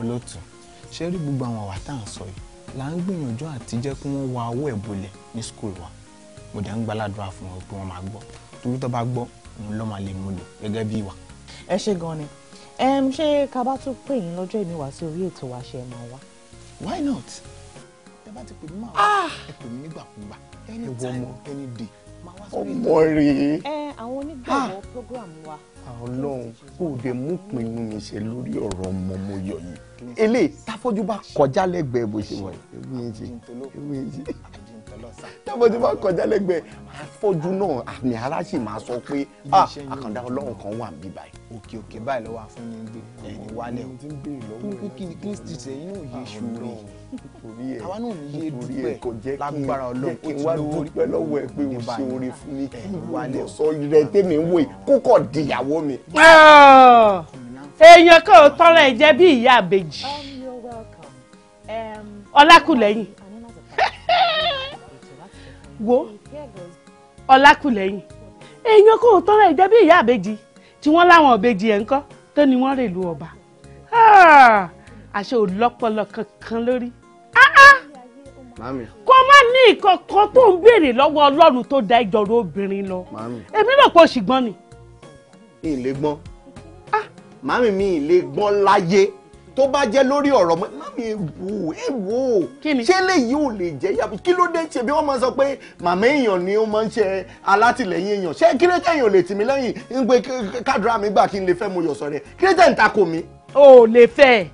olóòtú ṣé rí gbogbo àwọn àwa tá à ń sọ yìí là ń gbìyànjú àti jẹ́ kí wọ́n wa owó ẹ̀ bolẹ̀ ní school wa mo dẹ̀ ń gbàládùra fún wọn pé wọ́n máa gbọ́ torí tó bá gbọ́ òun ló máa lè mú lò gẹ́gẹ́ bí wa. ẹ ṣe gan ni ṣé ká bá tún pè yín lọ́jọ́ ìmí wá sí orí ètò wa ṣe máa wá. why not? tẹ bá ti pè mí máa wá ah! ẹ pè mí nígbàkúgbà ẹ wọ ọmọ ẹni dè ọmọ rèé. ẹ àwọn onígbàgbọ́ program wa. ọlọ́run kò dé mú pinnu mi ṣe lórí ọ̀rọ̀ ọmọ mo yọ yìí eléyìí táfọ́jú bá kọjá lẹ́gbẹ̀ẹ́ bó ṣe wọ̀ ewu yẹn ṣe ewu yẹn ṣe táfọ́jú bá kọjá lẹ́gbẹ̀ẹ́ afọ́jú náà àmì ara sì máa sọ pé àkàndá ọlọ́run kan wà bí báyìí. òkè òkè báyìí lọ́wọ́ àfúnyẹ́ngbé ẹ̀yìn wálẹ̀ o kí ni kí ni ṣe inú yìí ṣùgbọ́n àwa náà ní yé dúpẹ́ lágbára ọlọ́run kí n wá dúpẹ́ lọ́wọ́ ẹ pé o ṣe oore fún mi wà lè sọ rẹ tèmi ń wò kókò dìyàwó mi. èèyàn kan tọrọ ẹ jẹ bí ìyá àbèjì um, um, ọlákùlẹyìn wo ọlákùlẹyìn èèyàn kan tọrọ ẹ jẹ bí ìyá àbèjì tí wọ́n láwọn àbèjì ẹ ń kọ tó ni wọ́n rèlú ọba àṣẹ ò lọ́pọlọ kankan lórí kó má ní ìkọ̀kọ̀ tó ń béèrè lọ́wọ́ ọlọ́run tó da ìjọ̀rọ̀ obìnrin lọ èmi rò pé o sì gbọ́n ni. mi ì lè gbọ́n ah! màmí mi ì lè gbọ́n láyé tó bá jẹ́ lórí ọ̀rọ̀ mọ́ mami ewu ewu ṣé léyìí ò lè jẹ́ yàtọ̀ kí ló dé ṣe bí wọ́n máa sọ pé màmá èèyàn ni ó máa ń ṣe alátìlẹyìn èèyàn ṣé kí ló jẹ́ èèyàn lè tì mí lẹ́yìn ń pe kádùrá mi gbà kí n lè fẹ́ mo yọ̀sọ̀ rẹ̀ kí ń takò mi. o ò lè fẹ́ ẹ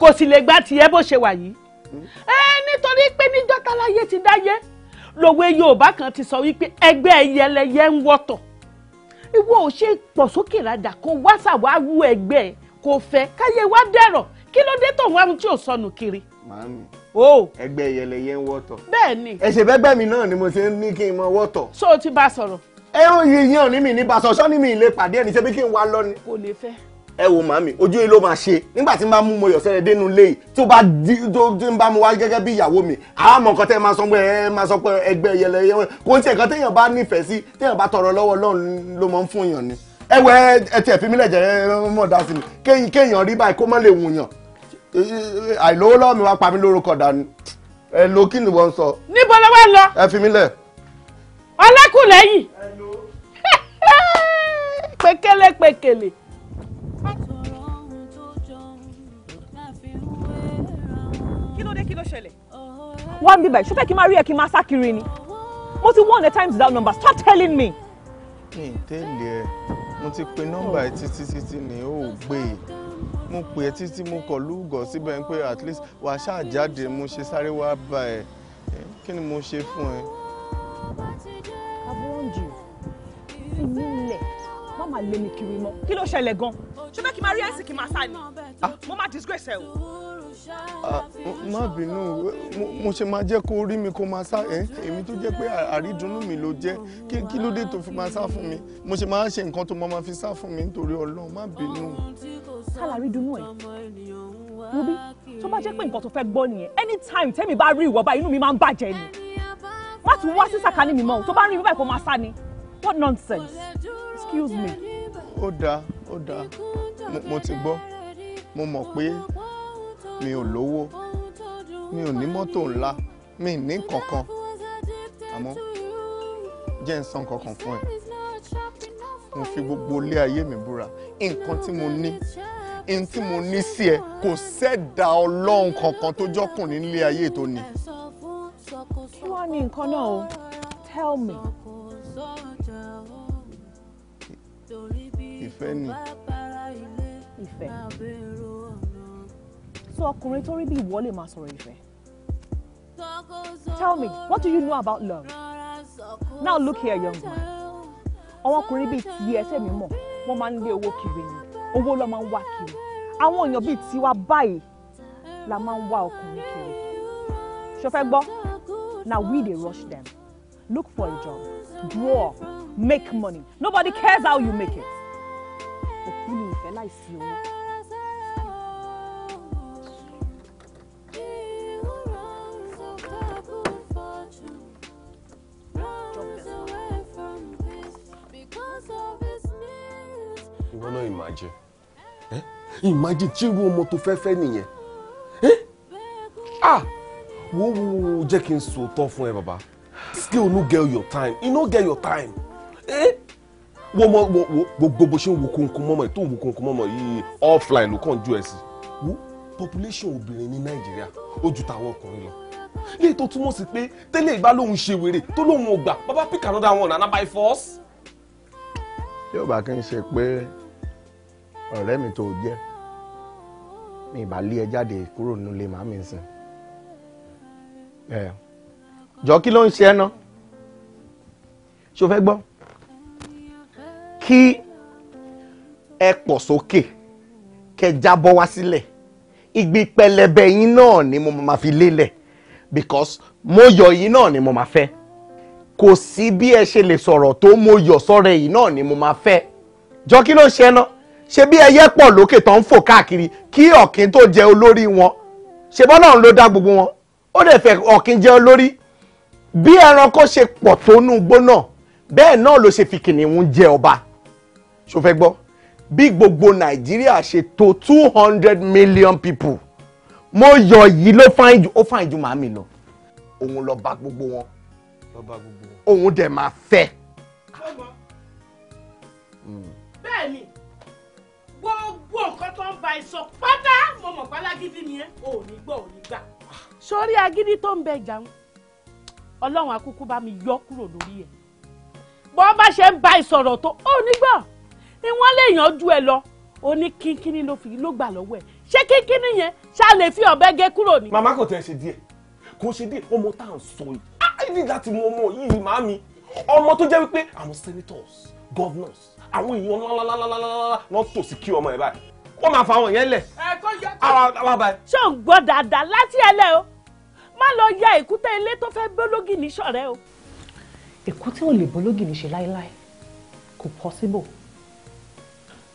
kò sì lè gbá tiẹ̀ bó ṣe wà yìí. Hmm? ẹ nítorí pé níjọ́ táláyé ti dáyé lòwe Yorùbá kan ti sọ wípé ẹgbẹ́ ẹyẹlẹyẹ ń wọ́tọ̀ ìwọ ò ṣe pọ̀ sókè rádà kó wá ṣàwáwú ẹgbẹ́ kó fẹ́ káyé wá dẹ̀rọ̀ kí ló dé tòun àwọn tí ò sọnù kiri. màámi ẹgbẹ́ ẹyẹlẹyẹ ń wọ́tọ̀. bẹ́ẹ̀ni. ẹsẹ bẹgbẹ mi náà ni mo ṣe ń ní kí n mọ wọ́tọ̀. so ti bá a sọ̀rọ̀. ẹ ó yin yan ní mi ní bá a sọ sọ ní mi ìlé pàdé ẹni ṣe bí kí n wá lọ ni. kò lè fẹ́ ẹ wo màmí ojú yìí ló máa ṣe nígbà tí n bá mú mo yọ̀ sẹ́rẹ̀ dénú léyìí tó bá di tó tí n bá mu wá gẹ́gẹ́ bí ìyàwó mi àmọ́ nǹkan tẹ́ ẹ máa sọ pé ẹ máa sọ pé ẹgbẹ́ yẹlẹ yẹwẹ́ kò ń ṣe nǹkan téèyàn bá nífẹ̀ẹ́ sí téèyàn bá tọrọ lọ́wọ́ Ọlọ́run ló máa ń fún yàn ni ẹ wẹ ẹ tiẹ̀ fi mí lẹ̀jẹ̀ ẹ mọ̀ dá sí mi kéèyàn rí báyìí kó má lè wùyàn àìlówó lọ́wọ́ mi wá wá ń bíbẹ̀ ṣọ́fẹ́ kí n máa rí ẹ kí n máa sá ni mo ti one times without number stop telling me. mi ì tẹ́lẹ̀ ẹ mo ti pe nọ́mbà ẹ títí títí ni ó gbé e mo pè ẹ títí mo kọ̀ lúgọ̀ síbẹ̀ pé at least wàá ṣáà jáde mo ṣe sáré wá bá ẹ kí ni mo ṣe fún ẹ. àbúrò ń jù fi mí lẹ̀ má máa lé mi kiri mọ́ kí ló ṣẹlẹ̀ gan-an ṣọ́fẹ́ kí n máa rí ẹ̀sìn kí n máa sá ni ah. mo máa disgrace ẹ o. Ah, má bínú mo ṣe máa jẹ́ kó rí mi kó máa sá ẹ́ èmi tó jẹ́ pé àrídùnnú mi ló jẹ́ kí ló dé tó fi máa sá fún mi mo ṣe máa ṣe nǹkan tó máa fi sá fún mi nítorí ọlọ́run má bínú. sálàrídùnnú ẹ rubí tó bá jẹ́ pé nǹkan tó fẹ́ gbọ́ nìyẹn anytime tẹ́mi bá rí ìwọ báyìí inú mi máa ń bàjẹ́ ni má tún wá sí sàkání mi mọ́ o tó bá rí mi báyìí kó máa sá ni what nonsense excuse me. ó dáa ó dáa mo ti gbọ́ mo mọ̀ pé mi ò lówó mi ò ní mọ́tò ńlá mi ní kankan àmọ́ jẹ́ ń san kankan fún ẹ mo fi gbogbo ilé ayé mi búra nǹkan tí mo ní n tí mo ní sí ẹ kò sẹ́dà ọlọ́run kankan tó jọ́kùnrin nílé ayé tó ní. kí wọ́n ní nǹkan náà o tell me. ìfẹ́ ni. ìfẹ́ so ọkùnrin tó rí bí ìwọ lè máa sọ̀rọ̀ ìfẹ́. Tell me, what do you know about love? Now look here, young man. Àwọn ọkùnrin bíi ti ẹsẹ̀ mi mọ̀, wọ́n máa ń lé owó kiri ni, owó ló máa ń wá kiri. Àwọn èèyàn bíi tiwa báyìí la máa ń wá ọkùnrin kiri. Ṣo fẹ́ gbọ́? Now we dey rush them. Look for a job, grow up, make money. Nobody cares how you make it. Òkú ni ìfẹ́ láìsí owó. jẹ ẹ imagine tí irú ọmọ tó fẹ́ fẹ́ nìyẹn ẹ ah wo wo wo jẹ́ kí n sòótọ́ fún ẹ bàbá still no get your time you no get your time ẹ wo ọmọ wo wo gbogbo ṣe ń wo kónkón mọ́mọ́ ẹ̀ tó ń wo kónkón mọ́mọ́ yìí offline ló kàn ju ẹ̀ sí wo population obìnrin ní nàìjíríà ó ju tàwọn ọkùnrin lọ léyìí tó túmọ̀ sí pé tẹ́lẹ̀ ìgbà lòun ṣe wèrè tó lòun ò gbà bàbá pick another one and na by force. yóò bá kí n ṣe pé ọ̀rẹ́ mi tó jẹ́ mi ìbá lé ẹ jáde kúrò nínú ilé màmí sìn ẹ jọ kí ló ń ṣe ẹ ná ṣó fẹ́ gbọ́ kí ẹ pọ̀ sókè kẹ jábọ́ wá sílẹ̀ ìgbì pẹlẹbẹ yín náà ni mo máa fi lélẹ̀ because mo yọ yín náà ni mo máa fẹ́ kò sí bí ẹ ṣe lè sọ̀rọ̀ tó mo yọ sọ́rẹ́ yìí náà ni mo máa fẹ́ jọ kí ló ń ṣe ẹ náà ṣe bí ẹyẹ pọ̀ lókè tó ń fò káàkiri kí ọ̀kín tó jẹ olórí wọn ṣe bọ́lọ́run ló dá gbogbo wọn ó dẹ̀ fẹ́ ọ̀kín jẹ olórí bí ẹranko ṣe pọ̀ tó nú igbó náà bẹ́ẹ̀ náà ló ṣe fi kìnìún jẹ ọba ṣó gbọ́ bí gbogbo nàìjíríà ṣe tó two hundred million people mo yọ yìí ló fáìn ju ó fáìn ju màmí lọ òun lọ bá gbogbo wọn òun dẹ̀ máa fẹ́. ìbá ìsọ pátá mo mọ̀ pálá gidi ni ẹ ò ní gbọ́ ò ní gbà. sórí agídí tó ń bẹ ìjà ọlọ́run akúkú bá mi yọ kúrò lórí ẹ̀ bọ́ bá ṣe ń ba ìsọ̀rọ̀ tó ò ní gbọ́ ni wọ́n lè yànjú ẹ lọ ó ní kínkínní ló fi ló gbà lọ́wọ́ ẹ̀ ṣé kínkínní yẹn ṣá lè fi ọ̀bẹ gé kúrò ní. màmá kò tẹ ṣe díẹ̀ kò ṣe díẹ̀ ọmọ tá à ń sọ yìí áìdí ah, láti mọ ọmọ yìí màá mi ọmọ tó jẹ́ wípé àwọn senators governors àwọn èèyàn ńláńláńláńláńlá wọn tò sí kí ọmọ ẹ báyìí wọ́n máa fa àwọn yẹn lẹ̀. ẹ kọ́ yẹ kọ́. àwa bá. ṣé ò ń gbọ́ dáadáa láti ẹlẹ́ o má lọ ya èkúté ilé tó fẹ́ bólógì ní ṣọ̀rẹ́ o. èkúté ò lè bólógì ní ṣe láéláé kò possible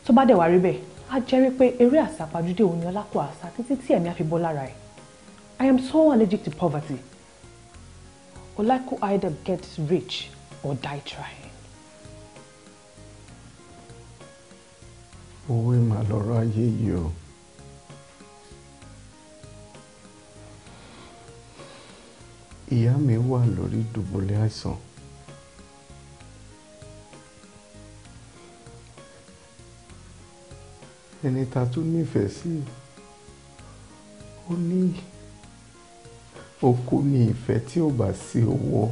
tó bá dẹ̀ wá rí bẹ́ẹ̀ á jẹ́ rí pé eré àsápajúdé òun ni ọlákùn àṣà títí tí ẹ̀mí á fi bọ́ lára ẹ̀ I am so allergic to poverty. Olaku either get rich or die trying. owó ìmọ̀ lọ́rọ̀ ayé yìí o. ìyá mi wà lórí dùbúlẹ̀ àìsàn. ẹni ta tún nífẹ̀ẹ́ sí ó ní okú ni ìfẹ́ tí ò bá sí owó.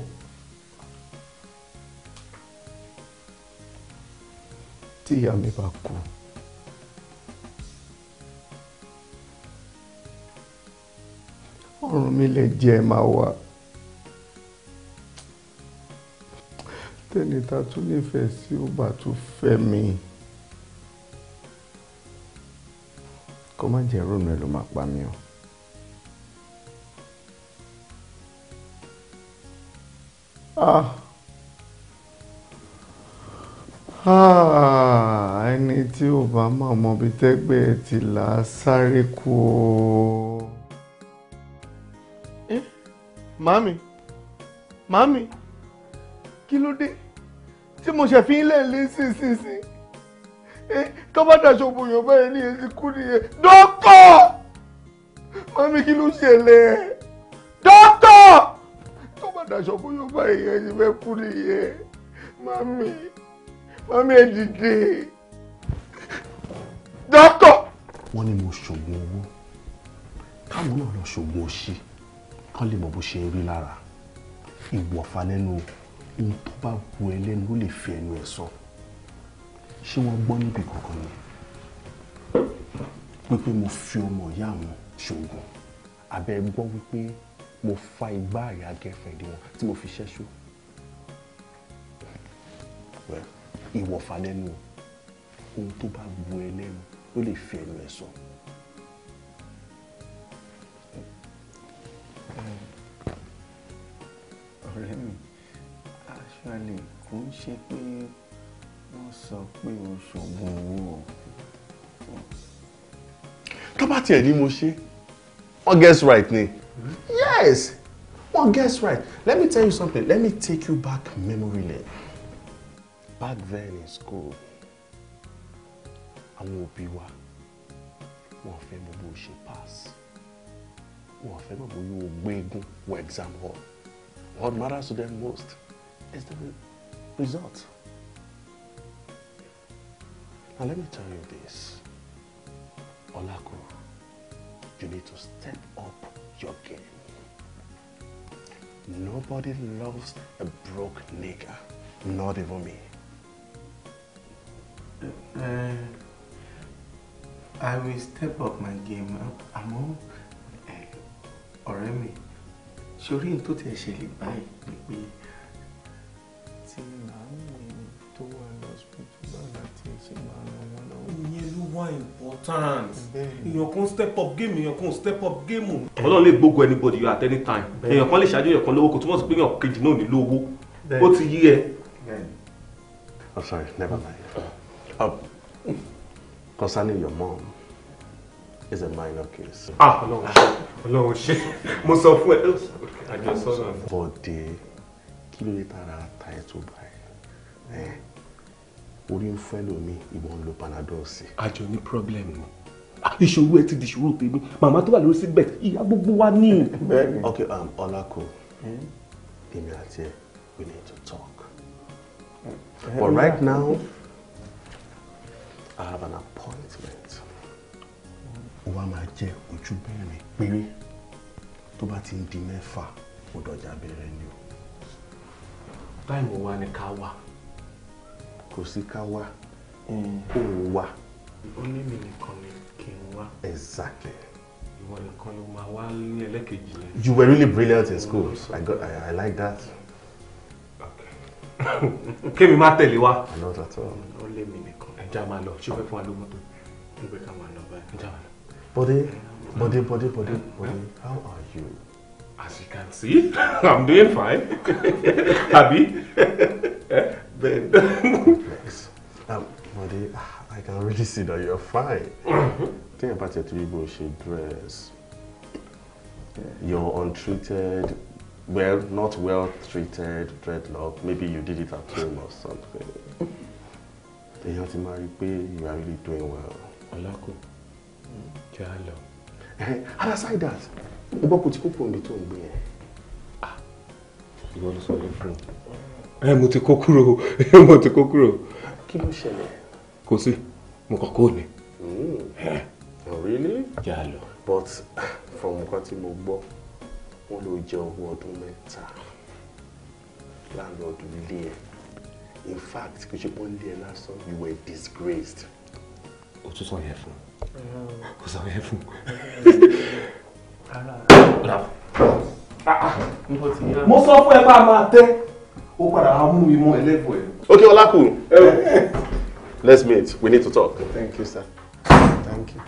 tí ìyá mi bá kú. ọ̀run mi lè jẹ́ máa wà tẹ́ni ta tún nífẹ̀ẹ́ sí ó bá tún fẹ́ mi kó má jẹ́ rónú ẹ ló máa pa mí o. ah ah ẹni tí ò bá mọ̀ mọ́ bí tẹ́gbẹ́ ẹ ti là á sáré kú o. Mami, Mami, kí ló dé tí mo ṣe fi ń lẹ̀ lé sínsìnsìn tó bá dàṣọ bòyàn báyìí ní èsì kú nìyẹn dókọ̀ màámi kí ló ṣẹlẹ̀ dókọ̀ tó bá dàṣọ bòyàn báyìí èsì fẹ́ kú nìyẹn màámi màámi ẹ dìde dókọ̀. wọ́n ní mo ṣògùn owó káwọn náà lọ ṣògùn òṣì kán lè mọ bó ṣe ń rí lára ìwọ̀fà lẹ́nu ohun tó bá wu ẹ lẹ́nu ló lè fi ẹnu ẹ sọ ṣé wọ́n gbọ́ níbi kankan ni wípé mo fi ọmọ ìyá wọn ṣoògùn abẹ́ gbọ́ wípé mo fa igbá àyà gẹ́fẹ̀dé wọn tí mo fi ṣẹ́ṣó ìwọ̀fà lẹ́nu ohun tó bá wu ẹ lẹ́nu ló lè fi ẹnu ẹ sọ. Eh, ọ̀rẹ́ mi actually kò ń ṣe pé wọ́n sọ pé o ṣògùn owó o. tó bá tiẹ̀ ní mo ṣe wọ́n guess right ni. yes wọ́n guess right let me tell you something let me take you back memory lane back then in school àwọn òbí wa wọ́n fẹ́ mọ̀ bó ṣe pass wọn fẹ́ mọ̀ bóyá o gbé egun exam hall what matters to them most is the result now let me tell you this Olako. you need to step up your game nobody loves a broke nigger not even me. Uh, I will step up my game. I'm, I'm all ọ̀rẹ́ mi sórí n tó tiẹ̀ ṣẹlẹ̀ e báyìí ni pé tí màámi tó wà lọ́sibítù báyìí tí ẹ e ṣe máa ràn wọ́n lọ́wọ́. ìyẹn ló wá important èèyàn kan step up game èèyàn kan step up game. ọlọ́run lè gbógun anybody yọ at any time èèyàn kan lè ṣáájú èèyàn kan lówó kò túmọ̀ sí pé èèyàn kejì náà nílò owó ó ti yí ẹ. I'm sorry, never mind. Uh, concerning your mom is a minor case. ah no, ṣe Ọlọ́run ṣe mo sọ I ẹ àjọsọnà. bọ̀dé the ló title by. ta ẹ tó báyìí me. ń fẹ́ lómi ìwọ̀n lo panadol sí. àjọ ní problem ni ìṣòro ẹ ti di ìṣòro tèmi màmá tó sit back. He ìyá gbogbo wa ní. Okay. um, Olako. èmi àti we need to talk but right now I have an appointment ó wá máa jẹ́ ojú mẹ́rin péré tó bá ti ń di mẹ́fà ó dọ̀jà bẹ̀rẹ̀ ni o. báyìí wà ní ká wà. kò sí ká wà ó wà. ó ní mi nìkan ni kí n wá. exactly. ìwọ nìkan ló máa wá ní ẹlẹ́kejì yẹn. you were really brilliant in school i got i, I like that. kémi má tẹ̀lé wa. not at all. ó lé mi nìkan. ẹja máa lọ ṣé o fẹ́ fún wa lógún tó. ó gbé ká máa lọ báyìí. ẹja máa lọ. Body, body, body, body, body. how are you? As you can see, I'm doing fine. Abi? Eh? Ben. Complex. Um, Bode, I can really see that you're fine. Think about your three shape dress. Your untreated, well, not well treated dreadlock. Maybe you did it at home or something. Èèyàn ti máa rí i you are really doing well. Ọlákùn jẹ́ á lọ. ara side that o bọ́ kò tí kò kúrò níbi tó ń gbé yẹn. ìwọ ló sọ yẹn fún un. mo ti kó kúrò mo ti kó kúrò. kí ló ṣẹlẹ̀. kò sí mo kàn kó ni. Hmm. Oh, really? jẹ́ lọ. but from nǹkan tí mo gbọ́ ó ló jẹ owó ọdún mẹ́ta láńlọ́ọ̀dù ilé ẹ̀ in fact kò ṣe pé lé ẹ lásán you were disgraced. o tún sọ yẹn fún un kò sọ yẹn fún ah. mo sọ fún ẹ bá a máa tẹ́ ó padà wá mú mi mọ ẹlẹ́bùn ẹ̀. okay Olaku. let's meet we need to talk. thank you sir thank you.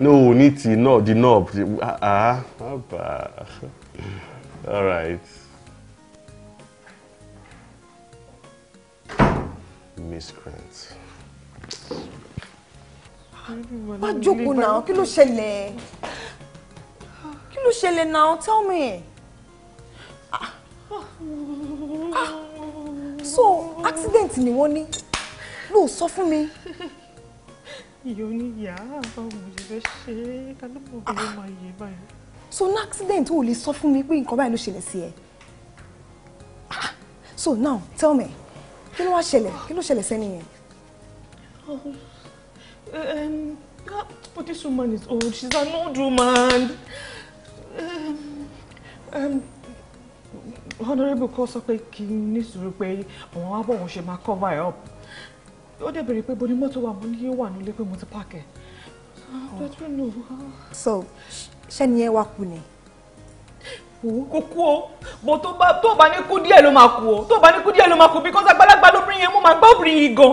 no ní ti náà di knob di ah ah all right. miscreant má jókòó náà kí ló ṣẹlẹ̀ kí ló ṣẹlẹ̀ náà tell me. Ah. Ah. so accident ni wọ́n ní ló sọ fún mi. ìyá oníyà báwo mo ṣe fẹ́ ṣe é ká ló mọ̀ bí ó máa so ní accident ò lè sọ fún mi pé nǹkan báyìí ló ṣẹlẹ̀ sí ẹ ah, so now tell me kí ló wá ṣẹlẹ̀ kí ló ṣẹlẹ̀ sẹ́ni yẹn. Oh. Um, but this woman is old. She's an old woman. Um, um, honourable kọ́ sọ pé kí n ní sùúrù pé àwọn wá bọ̀ cover up. ó dẹ̀ bèrè pé bo ni mọ́tò wà mo ní yóò wà nílé pé mo ti park ẹ̀. Oh. so ṣẹ́ni ẹ wá kú ni. kò kú o bó tó bá tó bá ní kú díẹ̀ ló máa kú o tó bá ní kú díẹ̀ ló máa kú bí kọ́sàgbálagbá ló bring yẹn mo máa bring yìí go.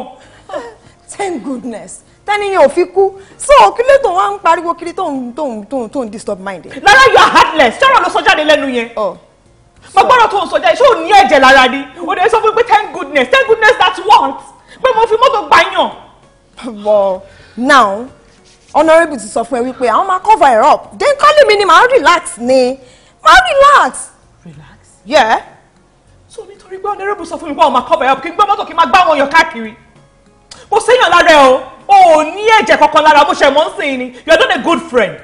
thank goodness tẹ́niyàn ò fi kú so kí ló tó wá ń pariwo kiri tó ń tó ń tó ń tó ń disturb mind ẹ. lára you are heartless sọ̀rọ̀ ló sọ jáde lẹ́nu yẹn. Oh. mo gbọ́dọ̀ tó ń sọ jáde ṣé ò ní ẹ̀jẹ̀ lára ni o lè sọ fún mi thank goodness thank goodness that's what pé mo fi mọ́tò gbàyàn. well now honourable ti sọ fún ẹ wípé àwọn máa cover her up then kọ́lé mi ni màá relax ni màá relax. relax. yeah. so nítorí pé honourable sọ fún mi pé àwọn máa cover her up kí n gbọ́ mọ́tò kí n máa gbá wọn yọ káàkiri kò séyàn lára ẹ o o ní ẹ̀jẹ̀ kankan lára mo ṣe mọ́ ń sìn ni you are not a good friend.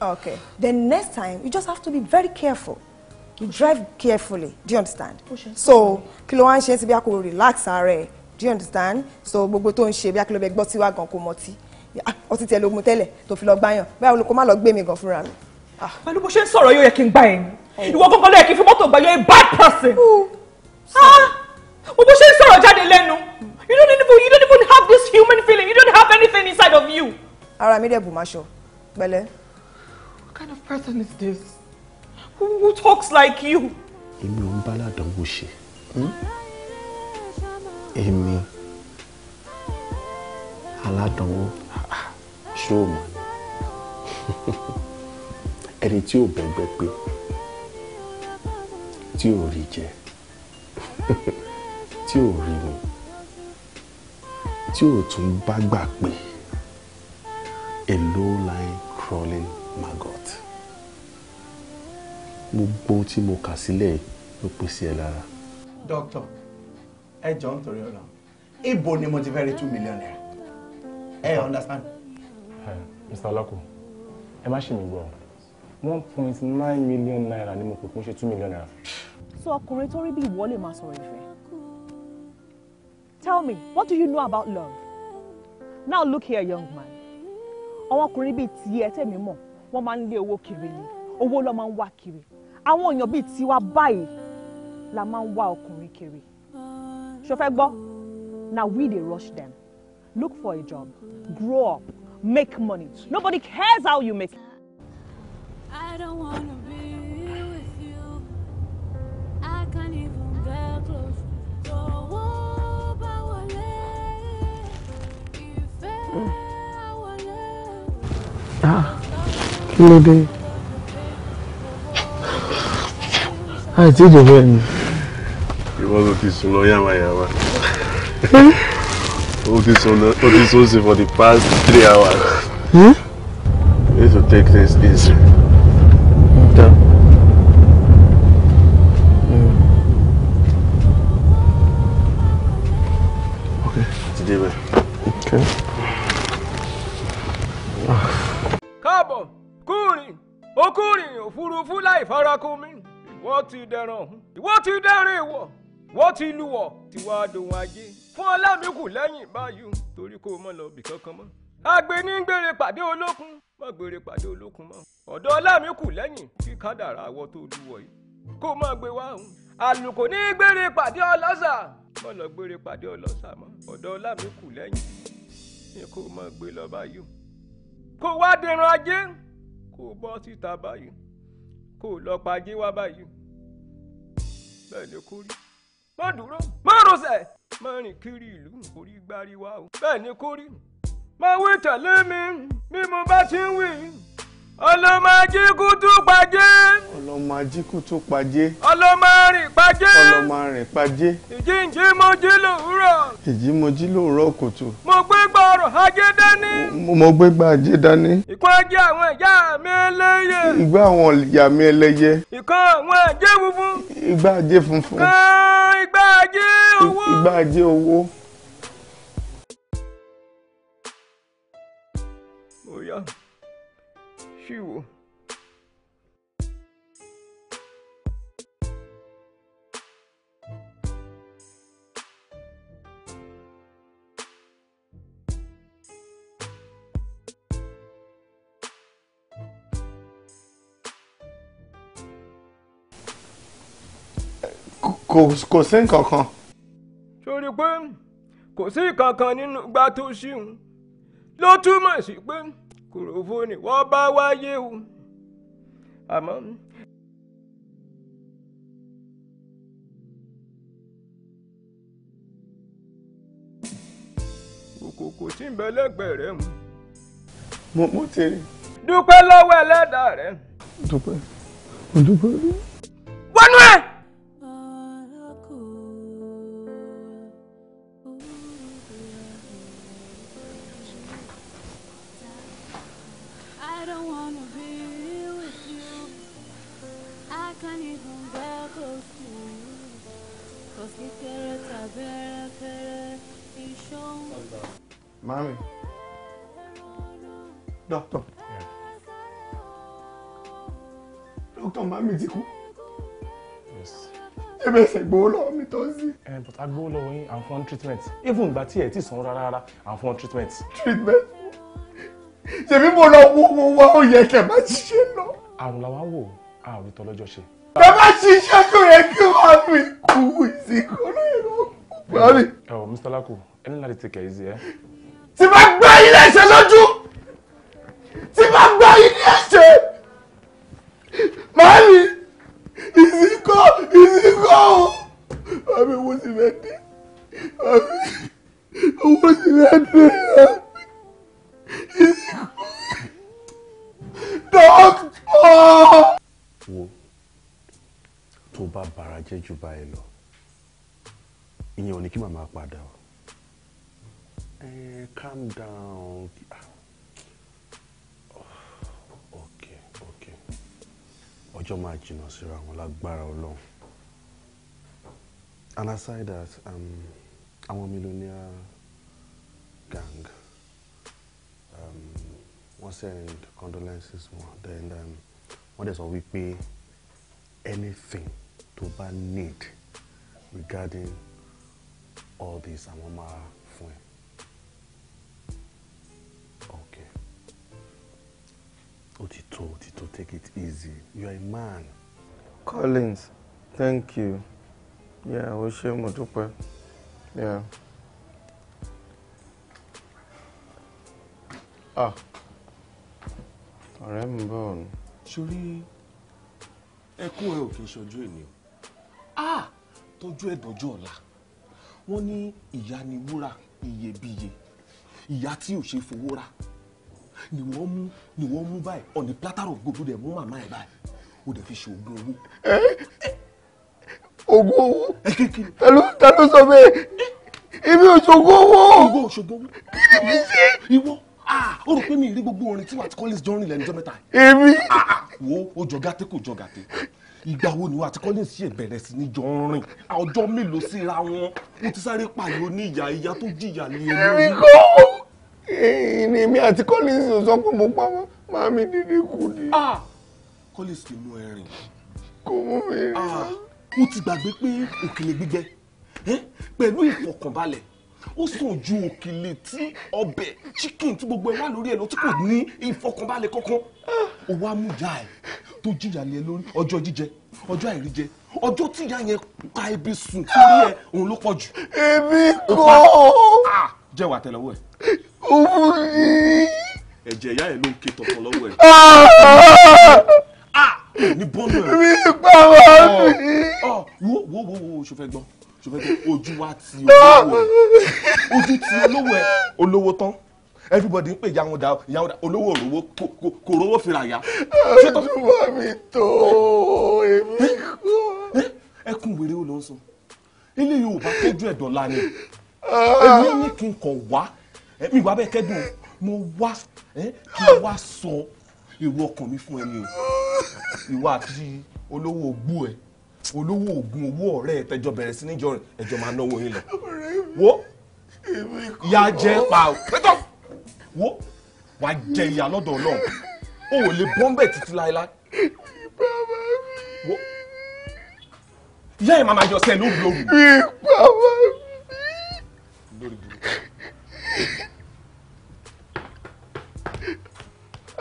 okay then next time you just have to be very careful you drive carefully do you understand so kí ló wá ń ṣe ti bí a kò relax ara ẹ do you understand so gbogbo tó ń ṣe bí a kí ló bẹ gbọ́ tí wàá gan kò mọ̀ tí ọtí ah, tiẹ̀ lógun tẹ́lẹ̀ tó fi lọ gbáyàn báyà olùkọ́ má lọ gbé mi gan fúnra mi. Ah. pẹ̀lú bó ṣe ń sọ̀rọ̀ yóò yẹ kí n gbá ẹ̀yìn oh. ìwọ gbọ́ngàn ló yẹ kí n fi mọ́tò gbá yóò yẹ bad person. Ah! mo bó ṣe ń sọ̀rọ̀ jáde lẹ́nu You don't even you don't even have this human feeling. You don't have anything inside of you. Ara mi dẹ̀ bù máṣọ. Pẹ̀lẹ́. What kind of person is this? Who, who talks like you? Èmi ò ń bá ládàánwò ṣe. Hmm? Èmi aládàánwò ṣóòmù ẹni tí ò bẹ́gbẹ́ pé tí ò rí jẹ tí ò rí mi tí ò tún bá gbà pé a low line crawling maggot gbogbo ohun tí mo kà sílẹ̀ ló pín sí ẹ lára. dókítà ẹ jọ ń torí ọ̀rọ̀ ibo ni mo ti fẹ́ rí two million naira ẹ understand. Mr. Alako ẹ má ṣe mí gbọ́ one point nine million naira ni mo pè kún ṣe two million naira. sọ ọkùnrin tó rí bí ìwọ lè máa sọ̀rọ̀ ìfẹ́. Tell me, what do you know about love? Now look here, young man. Àwọn ọkùnrin bíi tiẹ̀ tẹ̀mí mọ̀, wọ́n máa ń lé owó kiri ni, owó ló máa ń wá kiri. Àwọn èèyàn bíi tiwa báyìí la máa ń wá ọkùnrin kiri. Ṣo fẹ́ gbọ́? Now we dey rush them. Look for a job, grow up, make money. Nobody cares how you make I don't wanna be with you. I can't even. Ah, kí ló dé àìtí ah, ìjọba ẹni. ìwọ ló ti sùn lọ yàmàyàmà ó ti sùn ó ti sùn sí for the past three hours. Hmm? We need to take this easy. Okay. Okay. òkú rìn òfurufú láì farakun mi ìwọ ti dẹran ìwọ ti dẹrin ìwọ ìwọ ti lúwọ tiwa dohun ajé fún ọlámìkù lẹ́yìn báyìí torí kó o mọ lọ bì kankan mọ́ agbẹnigbèrè pàdé olókun má gbèrè pàdé olókun mọ́ ọ̀dọ̀ ọlámìkù lẹ́yìn kí kádàrá àwọ tó lúwọ yìí kó o má gbé wá òun àlùkò ní gbèrè pàdé ọlọ́sà má lọ gbèrè pàdé ọlọ́sà mọ́ ọ̀dọ̀ ọlámìkù lẹ́yìn ni kó o má gbé lọ báyìí kó o wá dẹran ajé kó o bọ́ síta báyìí kó o lọ wá báyìí bẹ́ẹ̀ ni kó rí má dúró má rọsẹ̀ má rìn kiri ìlú orí gbárí wa o bẹ́ẹ̀ ni kó rí má wí tẹ̀lé mi bí mo bá ti ń wí ọlọ́mọ ajíkútú pàjé. ọlọ́mọ ajíkútú pàjé. ọlọ́mọ rìn pàjé. ọlọ́mọ rìn pàjé. ìjíǹjí mo jí lòwúrọ̀. ìjí mo jí lòwúrọ̀ kùtù. mo gbé gba ọ̀rọ̀ ajé dání. mo gbé gba ajé dání. ìkan ajé àwọn ìyá mi ẹlẹ́yẹ. ìgbà àwọn ìyá mi ẹlẹ́yẹ. ìkan àwọn ajé funfun. ìgbà ajé funfun. kan ìgbà ajé owó. ìgbà ajé owó. Oh yeah. 去我。kò kò sí nǹkan kan. sori pé kò sí nǹkan kan nínú gbá tó ṣíun ló túmọ̀ sí pé kòròfóònì wọ́n bá wáyé o àmọ́. kòkò tí ń bẹ lẹ́gbẹ̀ẹ́ rẹ mu. mo mo ti. dúpẹ́ lọ́wọ́ ẹlẹ́dàá rẹ. dúpẹ́ mo dúpẹ́. fún treatment even ìgbà tí ẹ̀ ti sàn rárá rárá à ń treatment. treatment ṣèbí mo lọ wo wo wa ó yẹ kẹ má ṣiṣẹ́ lọ. àrùn làwọn wò àrùn ìtọ́lọ́jọ́ ṣe. ẹ má ṣiṣẹ́ tó yẹ kí wọ́n fi kú ìsìnkú lóyún. ẹ ọ Mr. Laku ẹni láti tẹkẹ ẹ ṣe ẹ. tí bá gbá ilé ẹsẹ lójú tí bá gbá ilé ẹsẹ máa ní ìsìnkú ìsìnkú o àbí sì fẹ́ dín. What did I do? Doctor! Wo tó bá bara jẹ́ jù báyìí lọ, ìyẹn ò ní kí màmá padà o. Eh, calm down. Okay, okay. Ọjọ́ máa jìnnà síra wọn lágbára Ọlọ́run. And aside that, um, àwọn millionaire gang um, wọ́n send condolences wọn then um, wọ́n dẹ̀ sọ wípé anything tó bá need regarding all this àwọn máa fún ẹ. okay òtítọ́ òtítọ́ take it easy you are a man. Collins thank you yeah I wish you dúpẹ́. Yeah. Ah. Ọ̀rẹ́ mi bọ̀ ni. Sori ẹkún ẹ ò kì í ṣojú ènìyàn. Ah! Tọ́jú ẹ̀ dọ́jú ọ̀la. Wọ́n ní ìyá ni wúrà iyebíye. Ìyá tí ò ṣe fowó rà. Ni wọ́n mú ni wọ́n mú báyìí. Ọ̀nì plátàrọ̀ gbogbo dẹ̀ mú màmá ẹ̀ báyìí. O dẹ̀ fi ṣe oògùn owó. Eh? Eh, ògùn owó ta ló sọ bẹ́ẹ̀ èmi ò ṣògùn owó. ìwọ ò ṣògùn owó. kí ni mi ṣe. ìwọ ó rò pé mi rí gbogbo orin tí wàá ti Collins jọ rìn lẹ́nu jọ mẹ́ta. èmi. wo o jọ gàtẹ́ kò jọ gàtẹ́ ìgbà wo ni wàá ti Collins ṣe bẹ̀rẹ̀ sí ní jọ rìn ọjọ́ mélòó síra wọn mo ti sáré pààyàn ní ìyá ìyá tó jìyà ní ẹni. èmi kò ní èmi àti Collins ò sọ pé mo pa wọn màá dídí kù ni. Collins ti mú ẹrin. kò mú mi rí ó ti gbàgbé pé òkèlè gbígbẹ pẹ̀lú ìfọkànbalẹ̀ ó sàn ju òkèlè tí ọbẹ̀ chicken tí gbogbo ẹ wà lórí ẹ lọ tí kò ní ìfọkànbalẹ̀ kankan ó wá mú ìyá ẹ tó jìyà lé lórí ọjọ́ jíjẹ ọjọ́ àìríjẹ ọjọ́ tíyà yẹn pa ebi sùn torí ẹ òun ló pọ̀ jù. èmi kọ́ ah, jẹ́ wà tẹ̀lọ́wọ́ ẹ̀. òun ni. ẹ̀jẹ̀ ìyá ẹ̀ ló ń ké tọ̀tọ̀ lọ́wọ́ ẹ̀. Ah! ní bọ́ọ̀nù ẹ̀. mi pa wọ́n mi. ọ wo wo wo wo ṣòfẹ́ gbọ́n ṣòfẹ́ gbọ́n ojú wa ti olówó ẹ̀ ojú ti olówó ẹ̀ olówó tán everybody ń pè yàwọn da yàwọn da olówó òrówó kò rówó fìrà yá. ojú wa mi tó èmi kọ́. ẹkún wèrè ó lọ sọ ilé Yorùbá tọ́jú ẹ̀ dọ̀la ni ah. èmi ní kí n kàn wá mi wá bẹ́ẹ̀ kẹ́dùn mo wá kí n wá sọ èrò ọkàn mi fún ẹni o ìwà àti olówó ògbú ẹ olówó ògùn owó ọ̀rẹ́ ẹ tẹjọ bẹ̀rẹ̀ sí níjọ ẹjọ máa náwó yín lọ wo ìyá jẹ pa o wo wà á jẹ ìyá lọ́dọ̀ Ọlọ́run o ò lè bọ́ńbẹ̀ títí láéláé wo ìyá ẹ̀ máa máa yọ sẹ́ẹ̀ lóògùn lóògùn.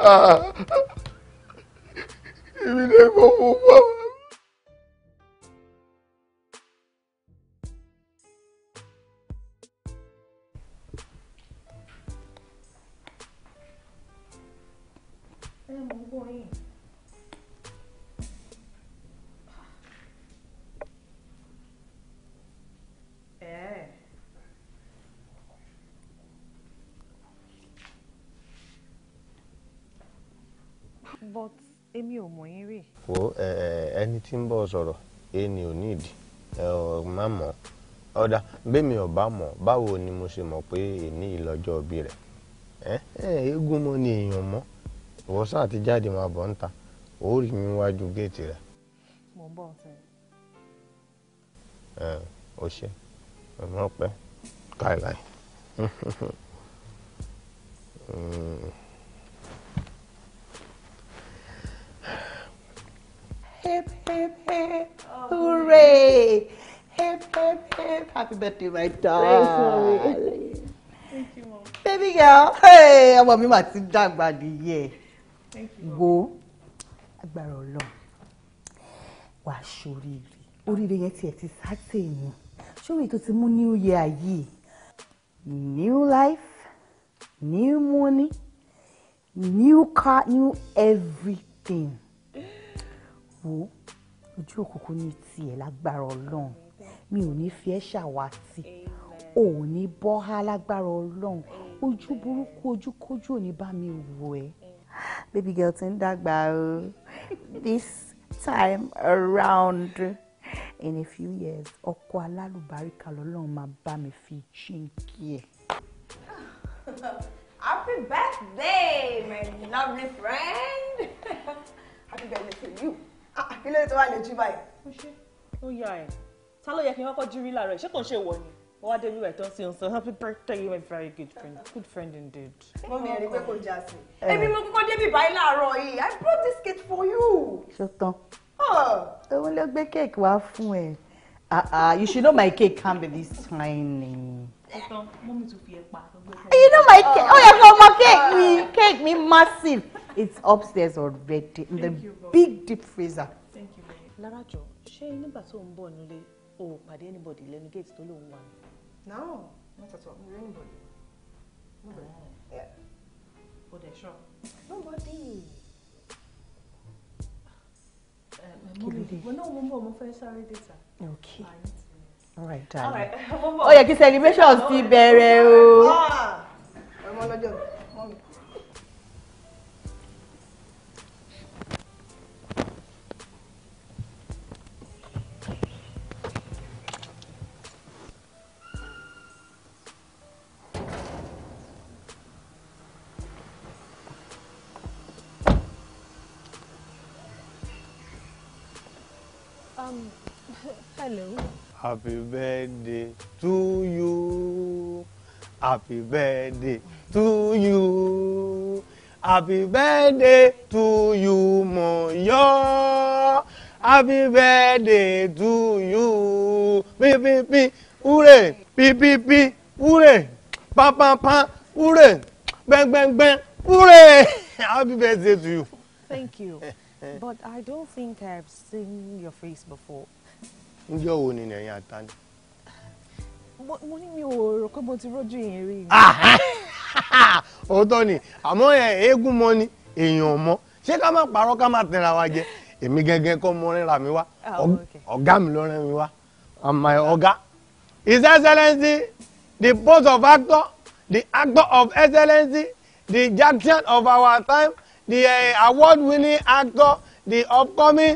èmi lè kọ́ fún bàbá. ẹ mọ̀ but emi o mọ̀ yín rí. wo ẹni tí ń bọ̀ sọ̀rọ̀ ẹni ò ní má mọ̀ ọ̀dà ò báwo ni mo ṣe mọ̀ pé èní ìlọ́jọ́ rẹ̀ ni èèyàn mọ́ ìwọ àti jáde máa bọ̀ ń ta ó rí mi wájú géètì rẹ̀. mo bọ̀ ẹ hip, hip, hip. Oh, Hooray. Hip, hip, hip. Happy birthday, my darling. Thank you, mom. Baby girl, hey, ọmọ mi mà ti dàgbà nìyẹn. Thank you, mom. Wo agbára Ọlọ́run wà sóríire. Oríire yẹn tiẹ̀ ti sá sèyìn. Sórí tó ti mú new year yìí. New life, new money, new car, new everything wo ojú òkùnkùn ní tiẹ̀ lágbára ọlọ́run mi ò ní fi ẹ́ ṣàwátì ò ní bọ́ há lágbára ọlọ́run ojú burúkú ojúkójú ò ní bá mi wò ẹ́. baby girl ti ń dàgbà o this time around in a few years ọkọ alálùbáríkà lọ́lọ́run máa bá mi fi jíǹkì ẹ̀. Happy birthday, my lovely friend. Happy birthday to you ilé ah, tí wàá lè jí báyìí. ó yà ẹ ta ló yẹ kí n kọ́kọ́ jí rí láàárọ̀ ṣé kò ń ṣe ìwọ ni ó wá débi ẹ̀tọ́ sí ọ̀sán happy birthday you very good friend good friend indeed. mo mi ẹni pé kò já sí. Eh. èmi mo kọ́kọ́ débi báyìí láàárọ̀ yìí i brought this cake for you. ṣùtàn òun ló gbé cake wá fún ẹ ah, ah, you should know my cake can't be this tiny. ṣùtàn mọ́mí tún fi ẹ pa. you know my cake Oh yẹ kó ọmọ cake mi cake mi massive it's upstairs already in the you, big deep freezer. thank you very much. lára ṣé nígbà tó ń bọ̀ nílé o ò pàdé anybody lẹ́nu gate tó lóun wà ní. no not at all no anybody. Oh, nobody. Ah. Yeah. o sure. nobody. Mummy, we're not one Mo fẹ́ sáré data. Okay. Ah, all right, darling. All right. Ó oh, yẹ kí celebrations oh, ti bẹ̀rẹ̀ o. Ah. Ọmọ ọlọ́jọ́ mi. happy birthday to you happy birthday to you happy birthday to you mọ̀ yọ́ happy birthday to you pípípí húrè pípípí húrè pápápá húrè gbẹ́ngbẹ́ngbẹ́ húrè happy birthday to you. Thank you. But I don't think I've seen your face before níjọ́ wo ni ẹ̀yin àta ni. mo ní mi ò rò pé mo ti rójú yẹn rí i. Ah, òótọ́ ni àmọ́ eégún mọ́ ni èèyàn mọ́ ṣé ká má parọ́ ká má tẹ̀ra wa jẹ èmi gẹ́gẹ́ kọ́ mo rẹ́ra mi wá ah, ọ̀gá mi ló mi wá my ọ̀gá his excellency the post of actor the actor of excellency the jackson of our time the uh, award-winning actor the upcoming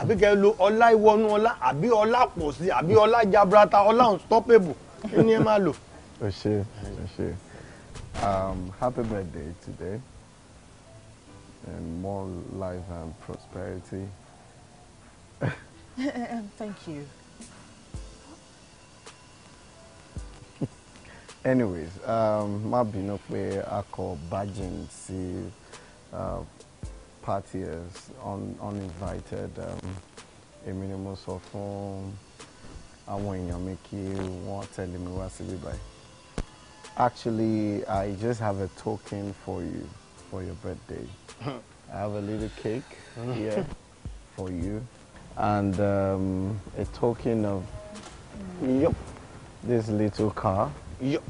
àbí kẹ́ lo ọlá ìwọ́nú ọlá àbí ọlá pọ̀ sí àbí ọlá jabrata ọlá unstoppable kí ni ẹ máa lò. ẹ ṣe ẹ ṣe um, happy birthday today and more life and prosperity. Eh, eh, eh, thank you. anyways um, má bínú pé a kọ bajin sí. Uh, partiers un uninvited um, èmi ni mo sọ fún àwọn èèyàn mi kí wọ́n tẹ̀lé mi wá síbí báyìí actually I just have a token for you for your birthday I have a little cake mm-hmm. here for you and um, a token of yep. this little car. Yep,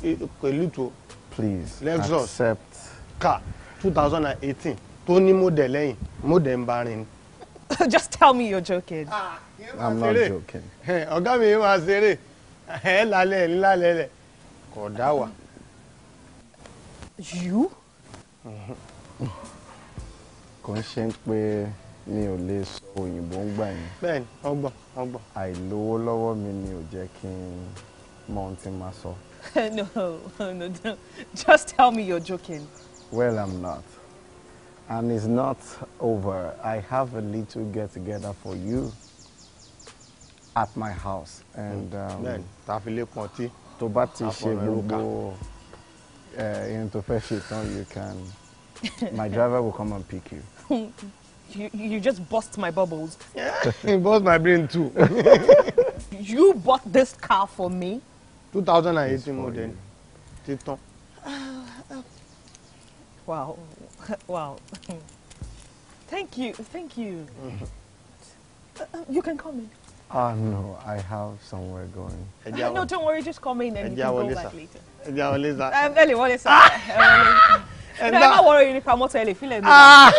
a little. Please Lexus. accept. Car 2018 tó ní mo lẹ́yìn mo ń bá rìn ni. just tell me you're joking. ah i'm not joking. ọ̀gá mi yẹn máa ṣeré ẹ̀ lálẹ́ ẹ̀ lálẹ́ rẹ̀ kò dá wa. you. kò ń ṣe pé mi ò lè sọ òyìnbó ń gbà yín. bẹ́ẹ̀ni ọgbọ́n ọgbọ́n. àìlówó lọ́wọ́ mi ni ò jẹ́ kí n mọ ohun tí màá sọ. no no no just tell me you're joking. well i'm not. And it's not over. I have a little get together for you at my house. And mm. um, tó bá ti ṣe gbogbo you can my driver will come and pick you. you, you just bust my bubbles. you bust my brain too. you bought this car for me. 2018 model. Titan. Uh, uh, wow wow. thank you, thank you. uh, you can come in. Ah, uh, no, I have somewhere going. no, don't worry, just come in and you can go back later. Ẹja wọlé sá. Um, Ẹlẹ̀ wọlé sá. Ah! Ẹ̀dá ẹ̀ má wọ̀rọ̀ yìí nípa mọ́tò ẹ̀ lè fílẹ̀ nù. Ah!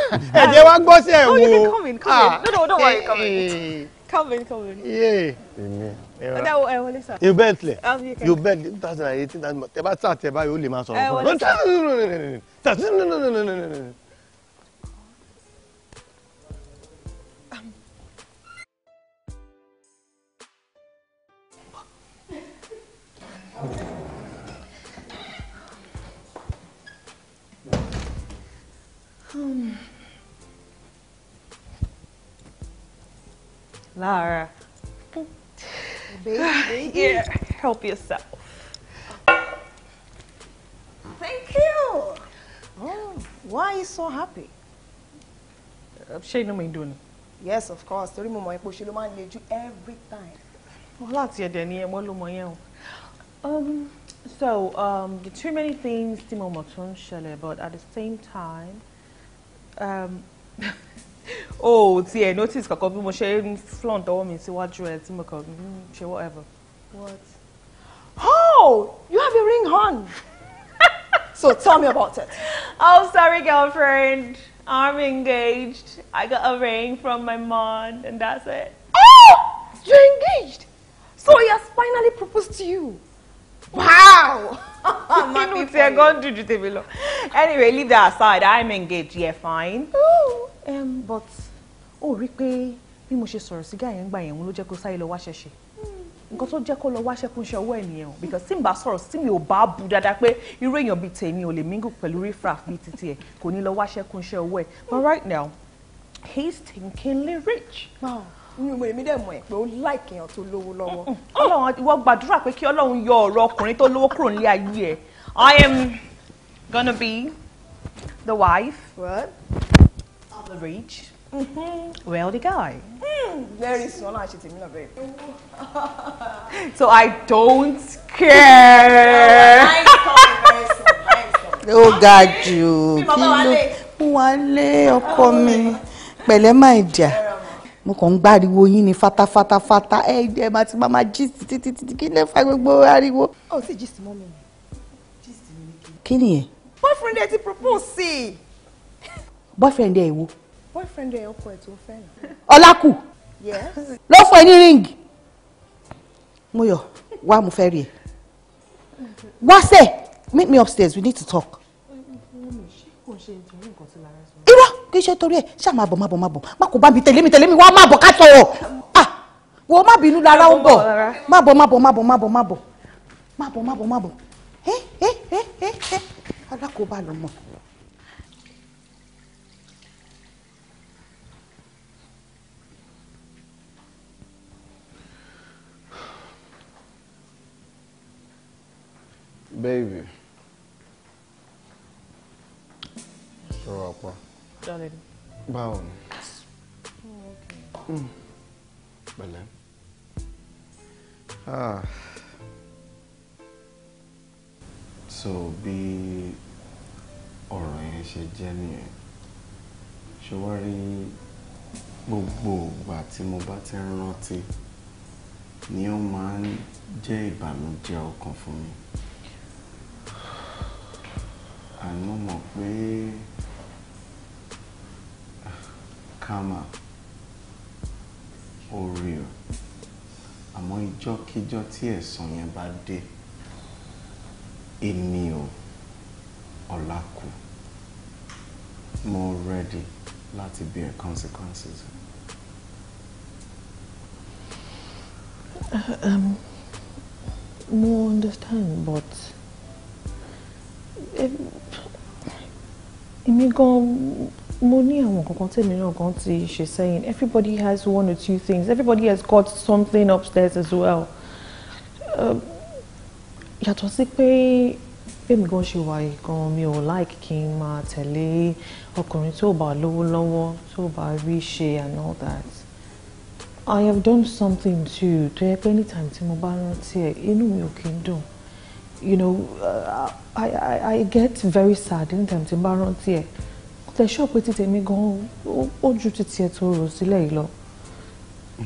Ẹ̀jẹ̀ wá gbọ́ sí ẹ̀ wò. Oh, you can come in, come in. Ah, no, no, don't worry, come in. Come in, come in. Yeah. Ọ̀dà ẹ wọlé sá. You bet le. You bet two thousand and eighteen thousand. Tẹ bá tà lè máa sọ̀rọ̀. Ẹ wọlé sá. Um. Lara. Baby, Here, help yourself. Thank you. Oh, why are you so happy? Uh, ṣé inú mi dùn doing. Yes, of course. Torí mo mọ̀ epo ṣe ló máa ń you every time. Well, láti ẹ̀dẹ̀ ni ẹ̀mọ́ ló mọ yẹn o. Um, so, um, the too many things tí mo mọ̀ tó ń ṣẹlẹ̀, but at the same time, um, oh ò tiẹ̀ notice kankan bí mo ṣe flaunt all me. See what dress, she whatever. what. oh you have your ring on. so tell me about it. oh sorry girlfriend I'm engaged I got a ring from my mom and that's it. oh you're engaged so he has finally proposed to you. Wow! Inú tiẹ̀ gan dùn to tèmi Anyway, leave that aside. I'm engaged. Yeah, fine. Ooh. um, but ó rí i pé bí mo ṣe sọ̀rọ̀ sí gáyẹn gbà yẹn ló jẹ́ kó sáré lọ wáṣẹ́ ṣe nǹkan tó jẹ́ kó lọ wáṣẹ́ kún iṣẹ́ ọwọ́ ẹ̀ nìyẹn o because tí n bá sọ̀rọ̀ sí mi ò bá bu dáadáa pé irú èèyàn bíi tèmi ò lè mingle pẹ̀lú riffraff bíi titi ẹ̀ kò ní lọ wáṣẹ́ kún iṣẹ́ ọwọ́ ẹ̀ but right now he is stinkingly rich. Wow mo èmi dẹ̀ mọ̀ ẹ̀ pé ó láìkì èèyàn tó lówó lọ́wọ́. ọlọ́run ìwọ gbàdúrà pé kí ọlọ́run yọ ọ̀rọ̀ ọkùnrin tó lówó kúrò nílé ayé ẹ̀ I am gonna be the wife. What? the rich. Mm-hmm. Wealthy guy. Mm, very small, I should tell babe. so I don't care. Ó ga jù kí ló wálé ọkọ mi pẹ̀lẹ́ máa jà mo kàn ń gbáriwo yín ni fátáfátáfátá ẹ ẹ máa ti máa gist títí títí kí lè fa gbogbo ariwo. ó sì gist mọ́ mi gist mi. kí nìyẹn. boyfriend ẹ ti propose sí i boyfriend ẹ̀ wo. boyfriend ẹ̀ ọkọ ẹ̀ tó fẹ́ nà. ọlákù ló fún ẹ ní ríǹgì mo yọ wá mo fẹ́ rí ẹ wá sẹ́ meet me upstairs we need to talk. irọ́ kì í ṣe torí ẹ̀ ṣáà máa bọ̀ máa bọ̀ máa bọ̀ má kó bá mi tẹ̀lé mi tẹ̀lé mi wá máa bọ̀ ká sọ̀rọ̀ ah wo má bínú lára ó bọ̀ má bọ̀ má bọ̀ má bọ̀ má bọ̀ má bọ̀ má bọ̀ má bọ̀ má bọ̀ ẹ́ eh, ẹ́ eh, ẹ́ eh, ẹ́ alákòóbá lọ mọ̀. Baby. Show up. Darling. Báwo ni. Mm, oh, okay. Mm. Ah. So bí ọ̀rọ̀ yẹn ṣe jẹ́ nìyẹn. Ṣé wá rí gbogbo ìgbà tí mo bá ti ń rántí ni ó máa ń jẹ́ ìbànújẹ́ ọkàn fún mi àánú mọ̀ pé karma ó rí o àmọ́ ìjọ́kíjọ́ tí ẹ̀san yẹn bá dé èmi ò ọ̀la kù mo ready láti bear consequences. Uh, um, More understand but. If, um, èmi gan mo ní àwọn kankan tèmi náà gan ti ṣe sẹ́yìn everybody has one or two things everybody has got something upstairs as well um, yàtọ̀ sí pé bẹ́ẹ̀mi gan ṣe wà gan mi ò like kí n máa tẹ̀lé ọkùnrin tó bá lówó lọ́wọ́ tó bá rí ṣe and all that I have done something too tó yẹ pé anytime tí mo bá rántí ẹ̀ inú mi ò kí ń dùn you know uh, I, I, I get very sad anytime tí n bá rántí ẹ̀ the shop pé títẹ̀ mi gan ó ju ti tiẹ̀ tó rò sílẹ̀ yìí lọ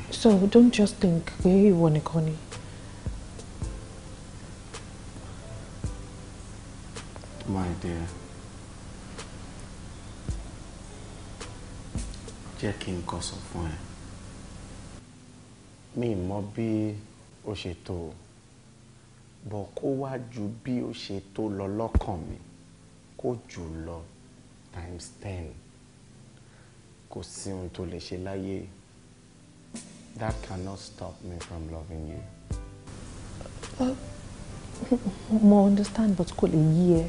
so don't just think pé ìwọ nìkan ni. my dear jẹ́ kí n kọ́ sọ fún ẹ mi mọ̀ bí ó ṣe tó o bọ̀ kó wá ju bí ó ṣe tó lọ lọ́kàn mi kó jù lọ times ten kò sí ohun tó lè ṣe láyé that cannot stop me from loving you. mo understand but kò lè yí ẹ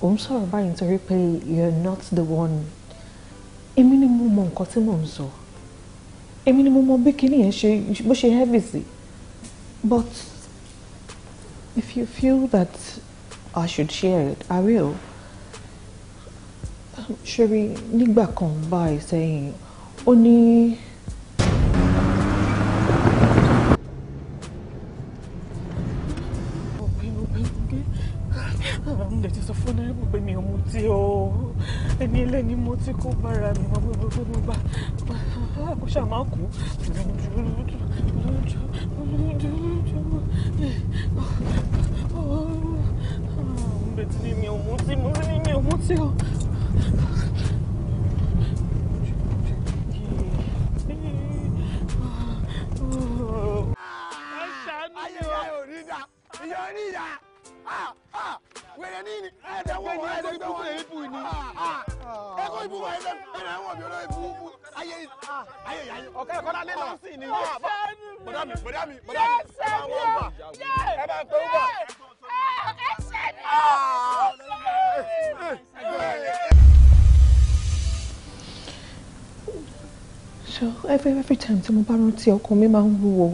ò ń sọ̀rọ̀ báyìí nítorí pé you're not the one èmi ni mo mọ nǹkan tí mò ń sọ èmi ni mo mọ bí kinní yẹn ṣe bó ṣe heavy sí but. If you feel that I should share it, I will. Ṣeré nígbà kan báyìí sẹ́yìn, ó ní bẹ́ẹ̀ ni mo ti kó bára mi wọ́n gbogbo tó ló bá kó ṣàmá kú bẹ́ẹ̀ ah, ah. ni mi ò mú tí mo ní mi ò mú tí o. wẹ̀rẹ̀ ní ẹ̀ẹ́dẹ̀wọ̀ ẹ̀ẹ́dẹ̀wọ̀ ẹ̀ẹ́dẹ̀wọ̀ ẹ̀ẹ́dẹ̀wọ̀ ẹ̀ẹ́dẹ̀wọ̀ ẹ̀ẹ́dẹ̀wọ̀ ẹ̀ẹ́dẹ̀wọ̀ ẹ̀ẹ́dẹ̀wọ̀ ẹ̀ẹ́dẹ̀wọ̀ ẹ̀ẹ́dẹ̀wọ̀ ẹ̀ẹ́dẹ̀wọ̀ ẹ̀ẹ́dẹ̀wọ̀ ẹ̀ẹ́dẹ̀wọ̀ ẹ̀ẹ́dẹ̀wọ̀ ẹ̀ẹ́dẹ̀wọ̀ ibú wa ẹsẹ̀ ẹ̀rọ ẹ̀wọ̀n mi ọ̀rọ̀ ibú ibú ayé ayé ayé. ọ̀kẹ́ ẹ̀kọ́ lálẹ́ lọ ah, sí ni. bọ̀dá mi bọ̀dá mi bọ̀dá ẹ máa wọ ọgbà So every every time tí mo bá rántí ọkàn mi máa ń wúwo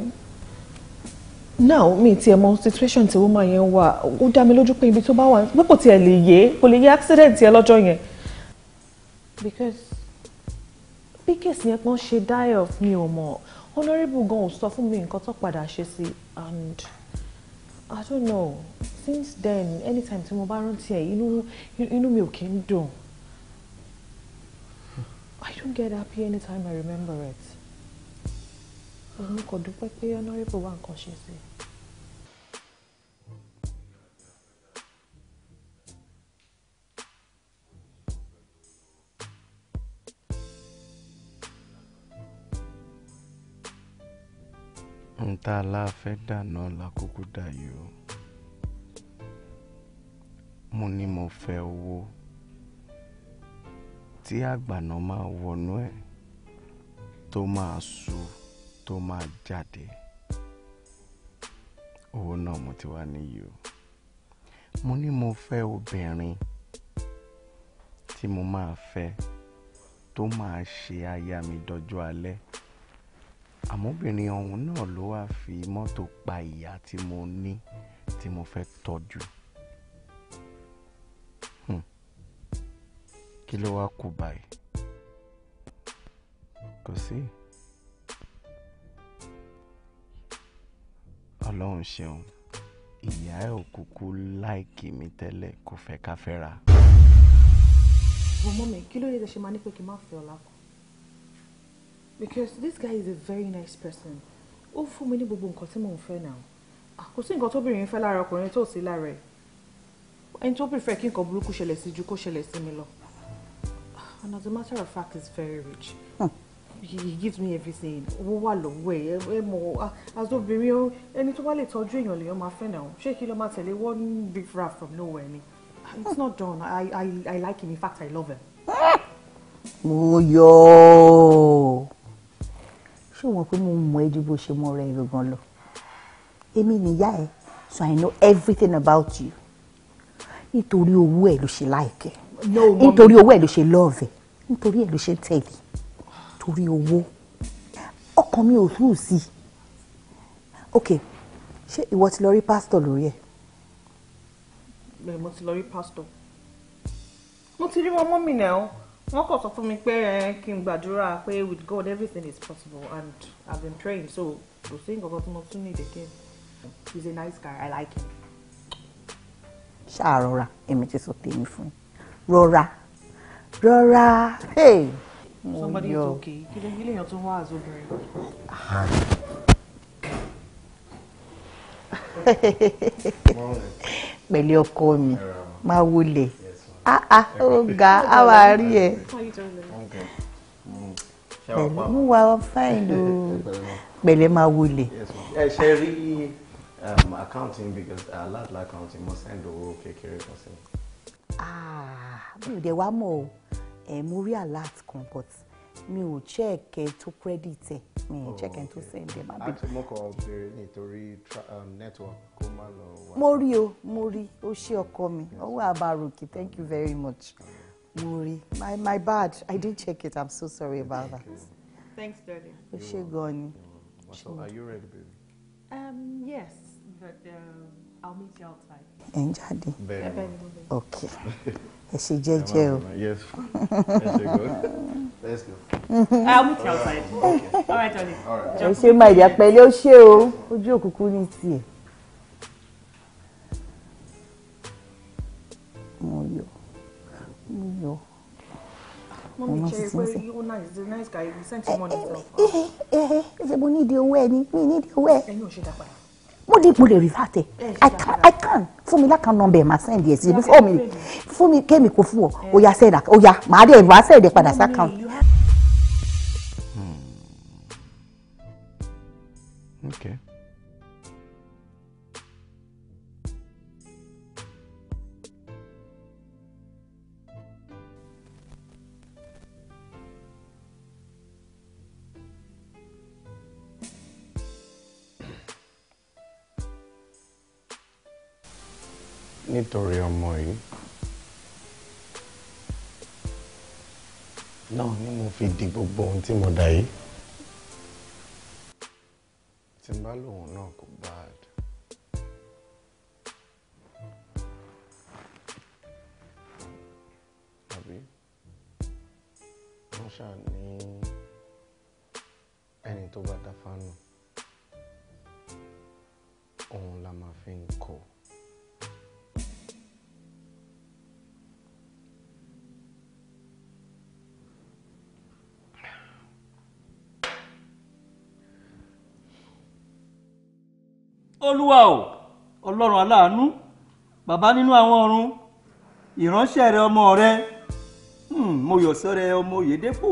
now me ti ẹ̀ situation tí woman yẹn wà ó dá mi lójú pé ibi tó bá wà pé kò tiẹ̀ lè yé kò lè yé accident yẹn lọ́jọ́ because bí kéèsì yẹn pọ́n ṣe die off mi ò mọ̀ honourable gan ò sọ fún mi nǹkan tó padà ṣe sí and i don't know since then anytime tí mo bá rántí ẹ inú inú mi ò kí ń dùn i don't get happy anytime i remember it. mo kàn dúpẹ́ pé honourable wà nǹkan ṣe sí i. tá a lá fẹ́ dáná lákòókò dàyò mo ní mo fẹ́ owó tí àgbàná máa wọnú ẹ̀ tó máa sú tó máa jáde owó náà mo ti wá níyì o mo ní mo fẹ́ obìnrin tí mo máa fẹ́ tó máa ṣe aya mi dọjọ́ alẹ́ àmọ́bìnrin ọ̀hún náà ló wáá fi mọ́tò pa ìyá tí mo ní tí mo fẹ́ tọ́jú hmm. kí ló wáá kù báyìí kò sí ọlọ́run ṣeun ìyá ẹ̀ ò kúkú láìkì mi tẹ́lẹ̀ kò fẹ́ ká fẹ́ra. ọmọ mi kí ló yẹ kí ẹ ṣe máa ní pé kí n má fẹ́ ọ lápò because this guy is a very nice person ó fún mi ní gbogbo nǹkan tí mò ń fẹ́ náà ah, kò sí nǹkan tóbìnrin fẹ́ lára ọkùnrin tó sí lára ẹ̀ ẹni tó prefer kí nǹkan burúkú ṣẹlẹ̀ sí ju kó ṣẹlẹ̀ sí mi lọ ah, and as a matter of fact he's very rich he, he gives me everything owó wà lọ́wọ́ ẹ̀ ẹ mọ̀ àtòbìnrin ah, ẹni tó bá lè tọ́jú èèyàn lèèyàn máa fẹ́ náà ṣé kí ló máa tẹ̀lé one big rap from nowhere ni it's not done I, I, I like him in fact I love him. Oh yọ ṣé wọn pé mo mọ ẹ ju bó ṣe mọ ọ̀rẹ́ rẹ gan lọ èmi nìyá ẹ so I know everything about you nítorí owó ẹ ló ṣe láìkẹ nítorí owó ẹ ló ṣe lọ́ọ̀fẹ̀ nítorí ẹ ló ṣe ń tẹ̀lé torí owó ọkàn mi ò tú sí i ok ṣé ìwọ ti lọ rí pásítọ̀ lórí ẹ. bẹ́ẹ̀ mo ti lọ rí pásítọ̀ mo ti rí wọn mọ́ mi náà wọ́n kàn sọ fún mi pé eh, kí n gbàdúrà pé with God everything is possible and I've been praying so kò sí nǹkan kan tí mo tún need again he's a nice guy I like him. ṣáà rọra èmi ti sọ tèmi fún yín rọra rọra hey mo yọ somebody is okay kí ló yí lèèyàn tó wá àzọ obìnrin. pẹ̀lú ọkọ mi máa wọlé ọ̀gá ah, ah, àwa rí ẹ pẹ̀lú wa fáìn o pẹ̀lẹ́ máa wọlé. ẹ ṣe rí um, accounting because uh, aládùn accounting mo send owó kékeré kan sí mi. Ah, mi ò dẹ̀ wá mọ̀ ọ́ mo rí alert kan but mi ò check ẹ tó credit ẹ mi ò check ẹ tó oh, send ẹ má bẹ. mo kàn béèrè nítorí um, network kó má lọ wá. mo rí o mo rí o ṣé ọkọ mi ọwọ́ àbáròkè thank you very much mo rí my my bad I didn't check it I'm so sorry about that. Thanks, darling. O ṣé gan ni. are you ready, baby? Um, yes, but um, I'll meet you outside. Ẹ ń jáde. Bẹ́ẹ̀ni. Okay. ẹ ṣe jẹ́jẹ́ o. yes ẹ ṣe good let's go. I'll meet you outside. Okay. All right, Tony. All right. Ẹ ṣe máa ìdí àpẹẹlẹ ó ṣe o, ojú òkùnkùn ní tiẹ̀. Mo yọ, mo yọ. Mọ́mí ṣe pé you nice, the nice guy, you sent him money. Ṣé mo ní ìdí owó ẹ ni? Mi ní ìdí owó ẹ. Ẹyin ò ṣe dá padà mo dé mo lè revert ẹ i can i can fún mi lákan nọmbẹ ẹ máa send yẹ sí fún mi fún mi kémi kò fún ọ ó yá send ó yá màá dé wàá send padà sí account. Hmm. okay. nítorí ọmọ yìí náà ni mo fi di gbogbo ohun tí mo dà yìí. bàbá nínú àwọn ọ̀run ìránṣẹ́ rẹ ọmọ rẹ mọ̀yọ̀sọ́ hmm, rẹ ọmọ òyedèpò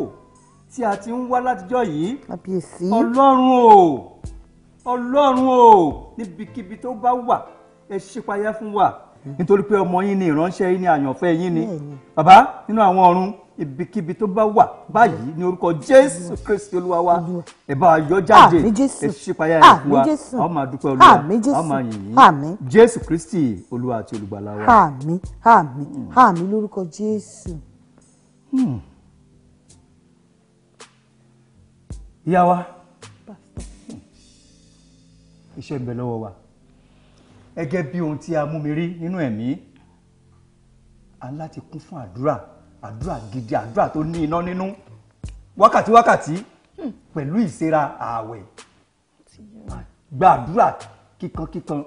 tí a ti ń wá látijọ́ yìí ọlọ́run o ọlọ́run o níbikíbi tó bá wà ẹ ṣípayá fún wa hmm. nítorí pé ọmọ yín ni ìránṣẹ́ yín ni àyànfẹ́ yín ni bàbá nínú àwọn ọ̀run ibikíbi tó bá wà báyìí ní orúkọ jésù kristi olúwa wa ẹ bá yọ jáde ẹ ṣípayá ẹ fún wa a máa dúpẹ́ olúwa a máa yìn yín jésù kristi olúwa àti olùgbàlà wa. àmín àmín hmm. àmín lórúkọ jésù. Hmm. ìyá wa iṣẹ́ ń bẹ lọ́wọ́ wa gẹ́gẹ́ bí ohun tí a mú mi rí nínú ẹ̀mí a láti kún fún àdúrà àdúrà gidi àdúrà tó ní iná nínú wákàtí wákàtí hmm. pẹ̀lú ìsera ààwẹ̀ gba àdúrà kíkan kíkan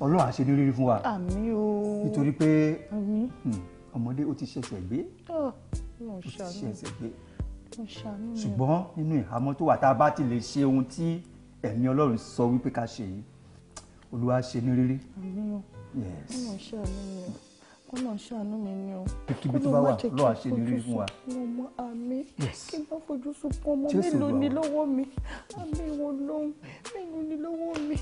ọlọ́run á ṣe ní rírí fún wa àmín o nítorí pé hmm, ọmọdé ó ti ṣẹ̀ṣẹ̀ gbé ó ti ṣẹ̀ṣẹ̀ gbé ṣùgbọ́n nínú ìhámọ́ tó wà tá a bá ti lè ṣe ohun tí ẹ̀mí ọlọ́run sọ wípé ká ṣe yìí olúwa ṣe ní rírí. yes ọ̀nà ṣàánú mi ni o. kíkíbi tó bá wà lọ àṣeyọrí fún wa. ọmọ àmì kí n bá fojú sunkún ọmọ mélòó ni lọ́wọ́ mi àmì wo lóhun mélòó ni lọ́wọ́ mi.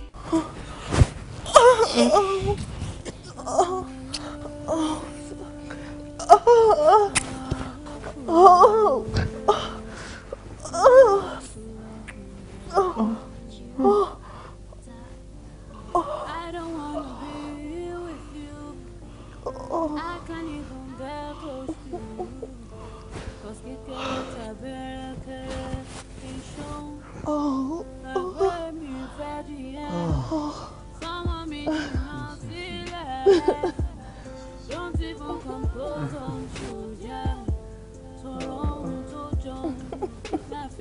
Oh.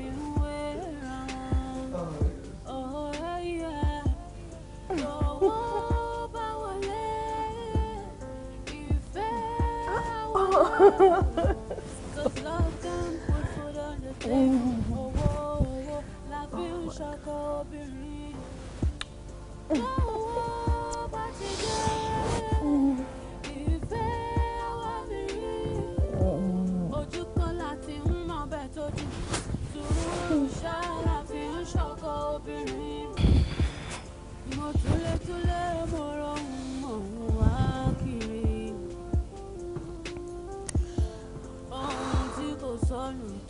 Oh. Túlẹ̀ túlẹ̀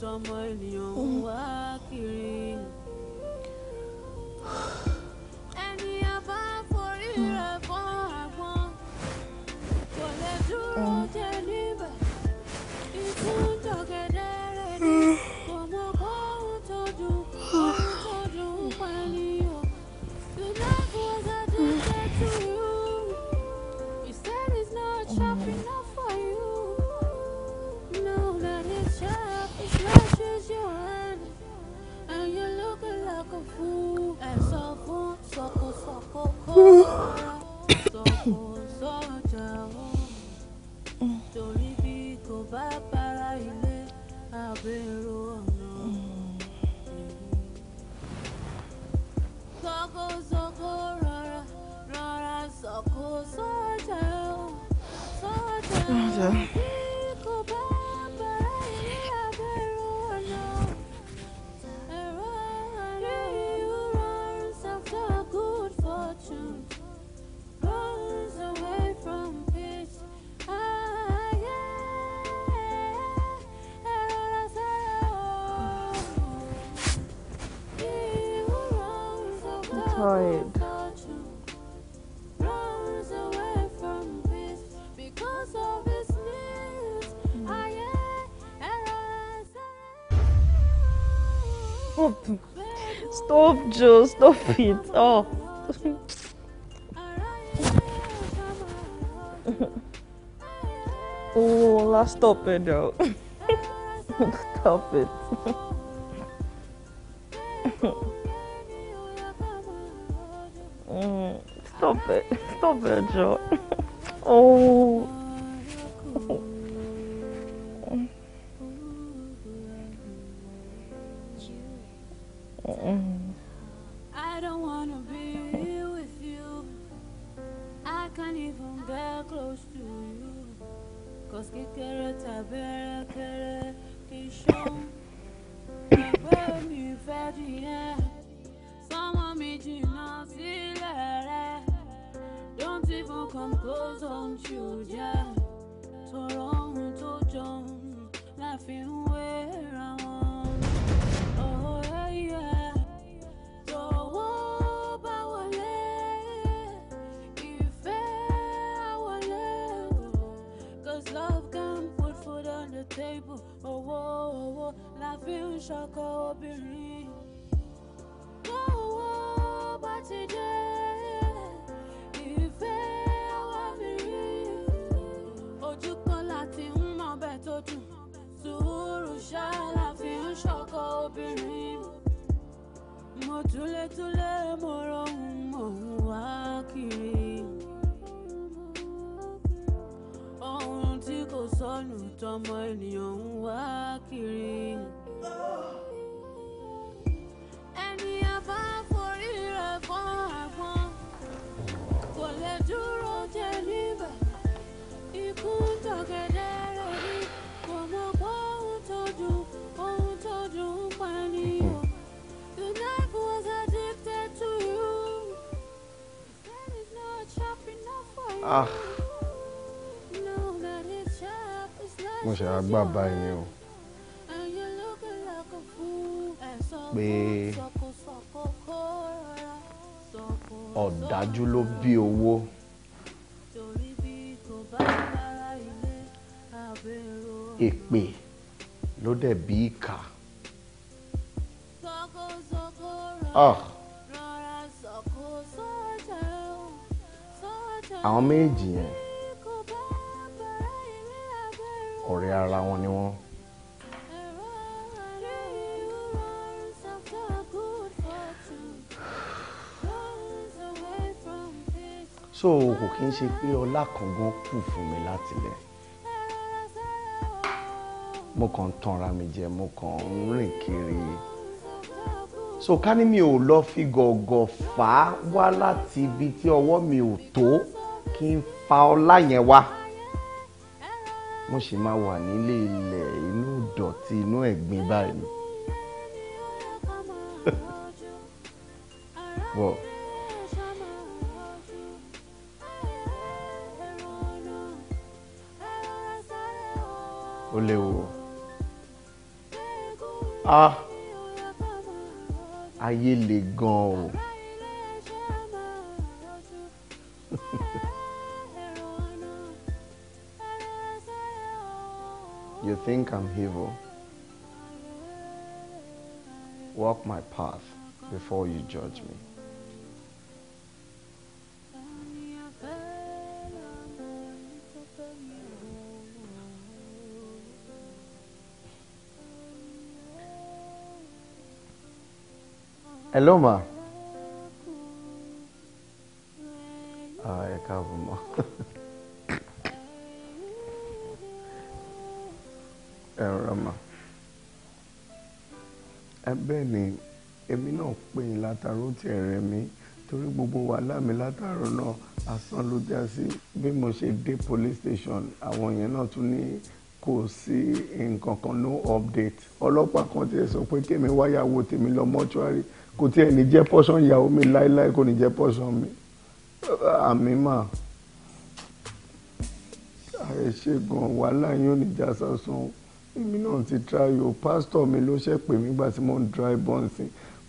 tọmọ ènìyàn ń wá. 아. Stop, Joe. Stop it. Oh. oh, let's eh, stop it, though. Mm, stop it. stop it. Stop it, Joe. fi ń ṣọkọ obìnrin. Lọ́wọ́ bá ti dé, ìfẹ́ wá mi rí. Ojú kan láti ń mọ bẹ́ẹ̀ tó dùn. Sùúrù ṣá la fi ń ṣọkọ obìnrin. Mo túlétúlé mo rohùn mò ń wá kiri. Ohun tí kò sọnù tọmọ ènìyàn ń wá kiri. Ah. mo ṣe àgbà báyìí ni o pé ọ̀dájú ló bí owó. èpè ló dẹ̀ bí ìkà. Ah. àwọn méjì yẹn ọ̀rẹ́ ara wọn ni wọ́n. so kò kí n ṣe pé ọlá kan gan kù fún mi látilẹ̀ mo kàn ń tanra mi jẹ mo kàn ń rìn kiri so ká ní mi ò lọ fi gọ̀ọ̀gọ̀ fà á wá láti ibi tí ọwọ́ mi ò tó kí n fa ọlá yẹn wá mo sì máa wà nílé ilẹ̀ inú ìdọ̀tí inú ẹ̀gbin báyìí bọ̀. ó léwu o. ah ayé le gan o you think I'm evil walk my path before you judge me. Hello ma. Ah, ẹ káàbọ̀ ma. Ẹ rọra ma. Ẹ bẹ́ẹ̀ ni èmi náà pè yín látàró tí ẹ̀rẹ̀ mi torí gbogbo wàhálà mi látàró náà asán ló já sí bí mo ṣe dé police station àwọn yẹn náà tún ní kò sí nǹkan kan no update ọlọ́pàá kan ti sọ pé kémi wáyàwó tèmi lọ mọ́túárì kò tiẹ̀ lè jẹ́ pọ́sán ìyàwó mi láéláé kò ní jẹ́ pọ́sán mi àmì mà àìṣègùn wàhálà yín ò ní já sásán èmi náà ti try o pásítọ̀ mi ló ṣe pè mí gbà tí mo ń dry bọ́ǹsì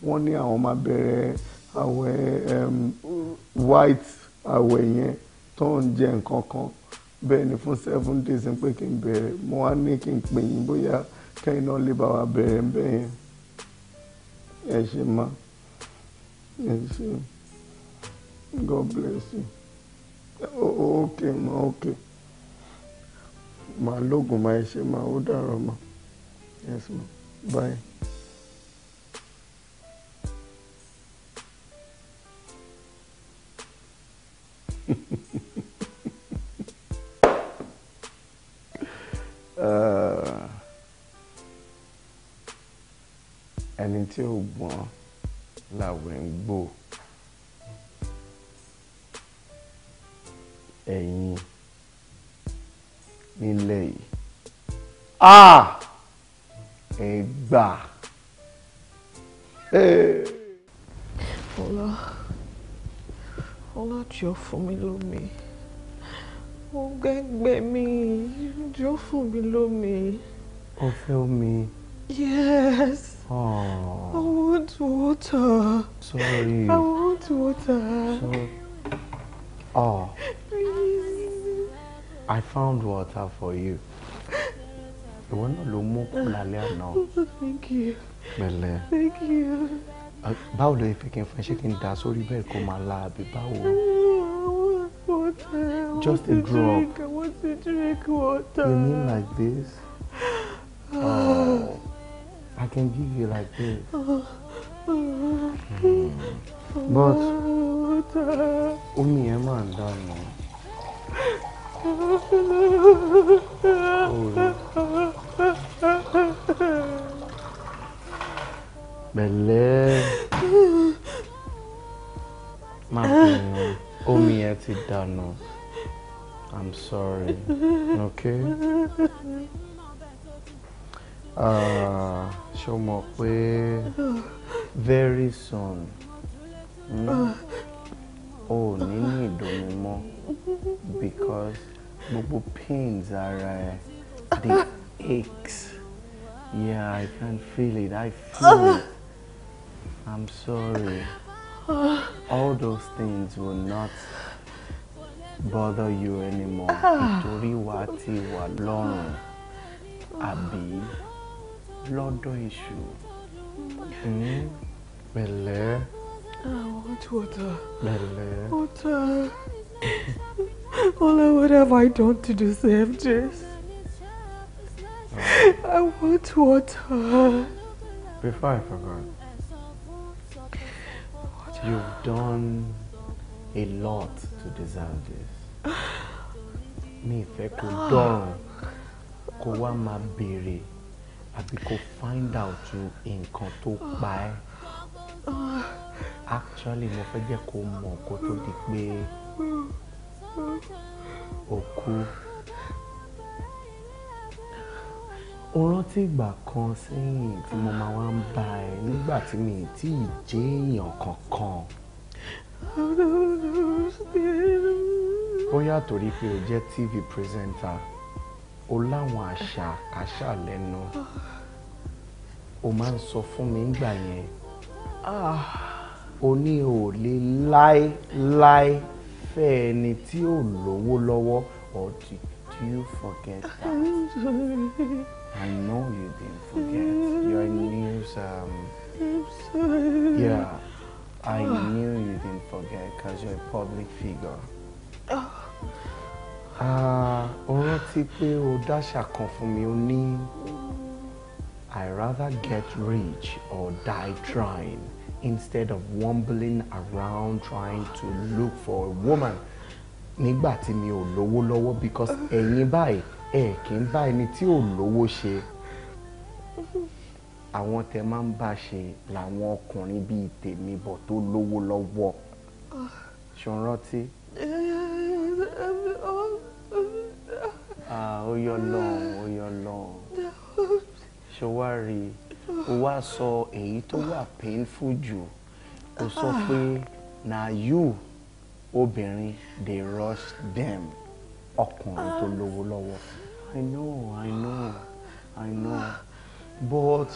wọ́n ní àwọn máa bẹ̀rẹ̀ àwẹ̀ white àwẹ̀ yẹn tó ń jẹ nǹkan kan bẹ́ẹ̀ ni fún seven days pé kí n bẹ̀rẹ̀ mo wá ní kí n pè yín bóyá kẹ́yìn náà lè bá wa bẹ̀rẹ̀ bẹ́ẹ̀ yẹn. Yes ma. Yes. ẹ God bless you Okay ma Okay. Ma lóògùn máa ṣe máa ó dàrọ yes ma bye. uh ẹni tí ò gbọ́n làwẹ̀ ń gbò ẹ̀yin nílẹ̀ yìí a ẹ gbà. Ọlá Ọlá jọ fún mi lómi ó gbẹ́gbẹ́ mi jọ fún mi lómi. Ó omi. Yes. Oh. I want water. Sorry. I want water. So, oh. Please. I found water for you. Ìwọ náà ló look more lálẹ́ àná. Thank you. Pẹ̀lẹ́. Thank you. Báwo ló fẹ́ kí n fẹ́ ṣé kí n dà sórí bẹ́ẹ̀ kó máa la àbí báwo? Just a drop. Drink. I want to drink water. You mean like this? can give you like this. Mm. But omi yẹn máa ń dànù. Pẹ̀lẹ́ máa omi yẹn ti I'm sorry. Okay. Uh, ṣé mọ̀ pé very soon o ò ní ní ìdùnnú mọ́ because gbogbo pains ara ẹ the aches yeah I can feel it I feel it I'm sorry all those things will not bother you anymore nítorí ah. wàá ti wà lọ́rùn àbí lọ́dọ̀ èṣù. Hmm. pẹ̀lẹ́. àwọn tí wọ́n ta. pẹ̀lẹ́. ó ta. I would have I done to deserve this? Ah. I want water. Before I forgot, water. you've done a lot to deserve this. Mi ìfẹ́ kò ah. dọ̀rùn kò wá máa béèrè àbí kò find out nǹkan tó pa ẹ́ actually mo fẹ́ jẹ́ kó mọ̀ kó tó di pé o kú. o rántí ìgbà kan sẹ́yìn tí mo máa wá ń bá ẹ nígbà tí mi ì tí ì jẹ́ èèyàn kankan. ó yà torí pé o jẹ́ tv presenter o láwọn àṣà àṣà lẹ́nu o máa ń sọ fún mi nígbà yẹn o ah, ní o lè láéláé fẹ́ ẹni tí ò lówó lọ́wọ́ or did you forget that? I know you didn't forget. Your news. Um, I'm sorry. Yeah, I knew you didn't forget because you're a public figure ó rántí pé o dáṣà kan fún mi ó ní I rather get rich or die trying instead of wambling around trying to look for a woman nígbà tí mi ò lówó lọ́wọ́ because ẹ̀yin báyìí ẹ̀ kì í bá ẹni tí ò lówó ṣe àwọn tẹ máa ń bá ṣe làwọn ọkùnrin bíi tèmi bọ̀ tó lówó lọ́wọ́ ṣọ̀rántí. oyè ọlọ́run oyè ọlọ́run ṣé wá rí o wá sọ èyí tó wà painful jù o sọ pé na you obìnrin dey rush dem ọkùnrin tó lówó lọ́wọ́ i know i know i know but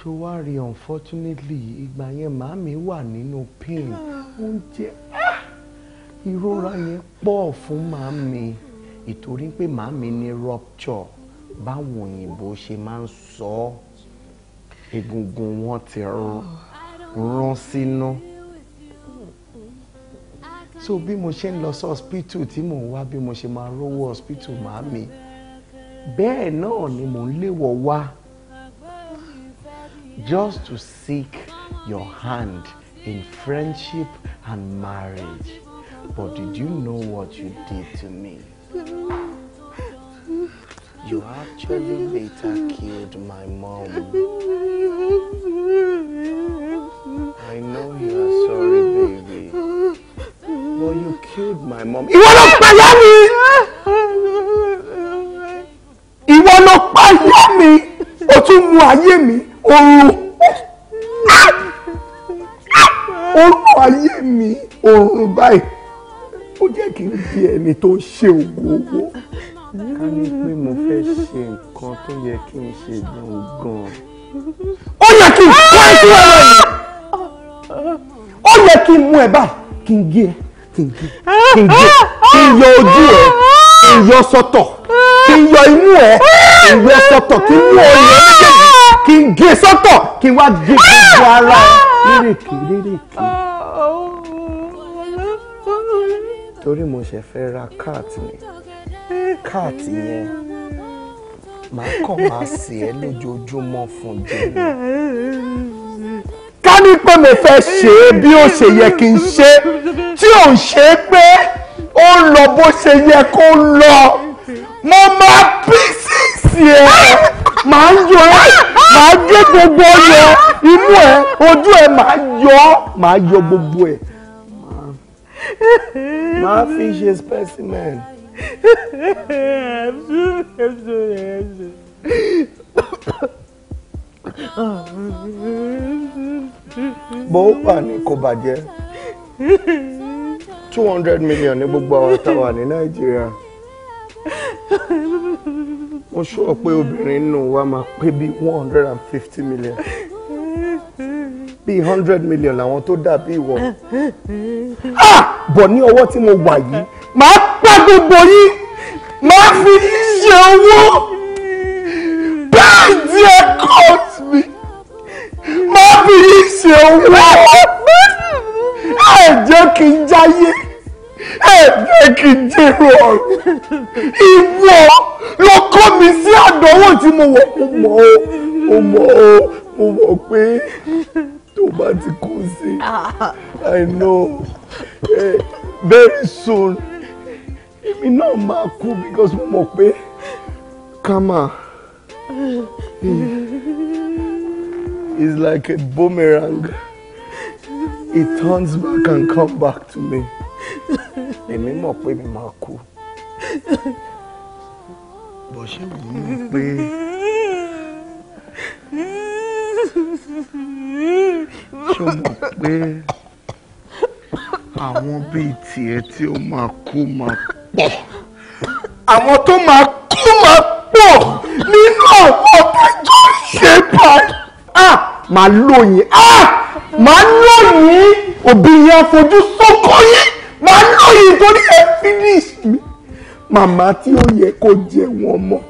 ṣé worry. unfortunately ìgbà yẹn màmí wà nínú pain oúnjẹ ah! ìrora yẹn pọ̀ fún màmí ìtorí pé màmí ní rupture báwọn òyìnbó ṣe máa ń sọ ọ́ egungun wọn ti rún sínú so bí mo ṣe ń lọ sí hospital tí mò ń wá bí mo ṣe máa rówó hospital màmí bẹ́ẹ̀ náà ni mò ń léwọ̀ wá just to seek your hand in friendship and marriage. But did you know what you did to me? You actually later killed my mom. I know you are sorry, baby. But you killed my mom. Ìwọ ló pa ìyá mi! Ìwọ ló pa ìyá mi! O tún mú ayé mi, oorun. Orúkọ ayé mi, oorun báyìí. Ó jẹ́ kí n di ẹni tó ń ṣe ògùn owó ká ní pé mo fẹ́ ṣe nǹkan tó yẹ kí n ṣe gan gan. ó yẹ kí n kọ́ ẹ sí ọ̀rọ̀ yìí ó yẹ kí n mú ẹ báyìí kí n gé ẹ kí n gé kí n gé kí n yọ ojú ẹ kí n yọ sọ́tọ̀ kí n yọ imú ẹ kí n yọ sọ́tọ̀ kí n mú ọ yẹ kí n gé sọ́tọ̀ kí n wá gé gbogbo ara ẹ lérèké lérèké. torí mo ṣe fẹ́ ra káàtì mi. Eh, káàtì yẹn màá kàn máa sè é lójoojúmọ́ fún jẹ́nu. ká ní pé mo fẹ́ ṣe é bí ó ṣe yẹ kí n ṣe tí ò ń ṣe é pé ó ń lọ bó ṣe yẹ kó ń lọ mo máa písìsì ẹ̀ màá yọ ẹ́ màá gé gbogbo ọyọ imú ẹ̀ ojú ẹ̀ màá yọ ọ́ yọ gbogbo ẹ̀ màá fi ṣe specimen. I'm sorry, I'm bó wà ní kò bàjẹ́ two hundred million ní gbogbo àwọn táwa ní nàìjíríà mo sọ pé obìnrin nù wa máa pé bí one hundred and fifty million bí hundred million làwọn tó dà bí ìwọ ah! bọ̀ ní ọwọ́ tí mo wà yìí màá pa gbogbo yín màá fi yín ṣe owó bẹ́ẹ̀ ni ẹ kọ́ mi màá fi yín ṣe owó ẹ jẹ́ kí n jáyé ẹ jẹ́ kí n jèrò ọ̀rọ̀ ìwọ ló kọ́ mi sí àdánwò tí mo wọ̀ mo mọ̀ o mo mọ̀ o mo mọ̀ pé tó bá ti kú sí i know eh, very soon èmi náà máa kú because mo mọ̀ pé karma is like a boomerang it turns back and come back to me èmi mọ̀ pé mi máa kú bọ̀ ṣé mo mọ̀ pé ṣé mo mọ̀ pé àwọn bíi tiẹ̀ tí ó máa kú máa pọ̀ àwọn tó máa kú máa pọ̀ nínú àwọn tẹ́jọ́ ṣe báyìí. màá lóyìn màá lóyìn òbí yẹn afojú sókó yìí màá lóyìn torí ẹ finish mi màmá tí ó yẹ kó jẹ wọn mọ́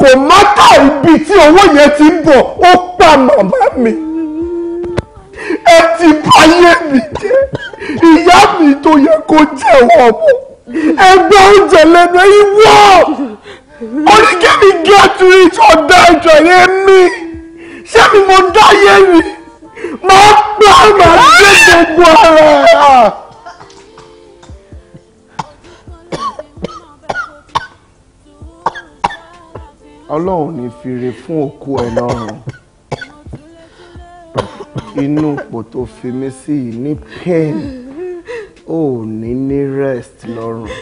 kò má ká ibi tí owó yẹn ti bọ̀ ó pa màmá mi ẹ ti báyé mi jẹ́ ìyá mi tó yẹ kó jẹ́wọ́ ọmọ ẹgbẹ́ oúnjẹ lẹ́nu ìwọ oníkẹ́mi get rich or die try èmi ṣé mi mo dáyé mi máa gbá màá gbé gbogbo ara. ọlọ́run ní fi re fún òkú ẹ̀ lọ́rùn inú ipò tó fi mí sí yìí ní pain ò ní ní rest lọ́rùn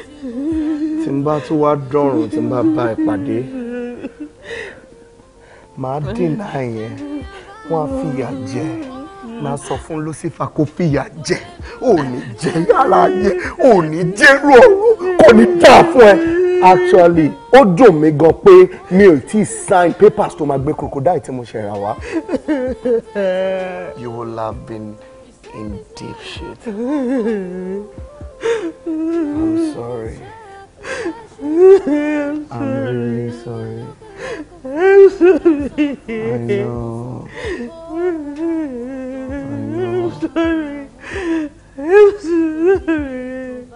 tí n bá tún wá dọ̀rùn tí n bá bá ìpàdé màá dènà yẹn wọ́n á fìyà jẹ ẹ́ máa sọ fún lucifer kó fìyà jẹ ò ní jẹ yàrá yẹ ò ní jẹrú ọ̀rọ̀ kò ní dà fún ẹ actually ó dùn mí gan pé mi ò tí ì sign papers tó máa gbé crocodile tí mo ṣe rà wá. you will have been in deep shit. I'm sorry. I'm really sorry. I'm sorry. I know sorry. I'm sorry.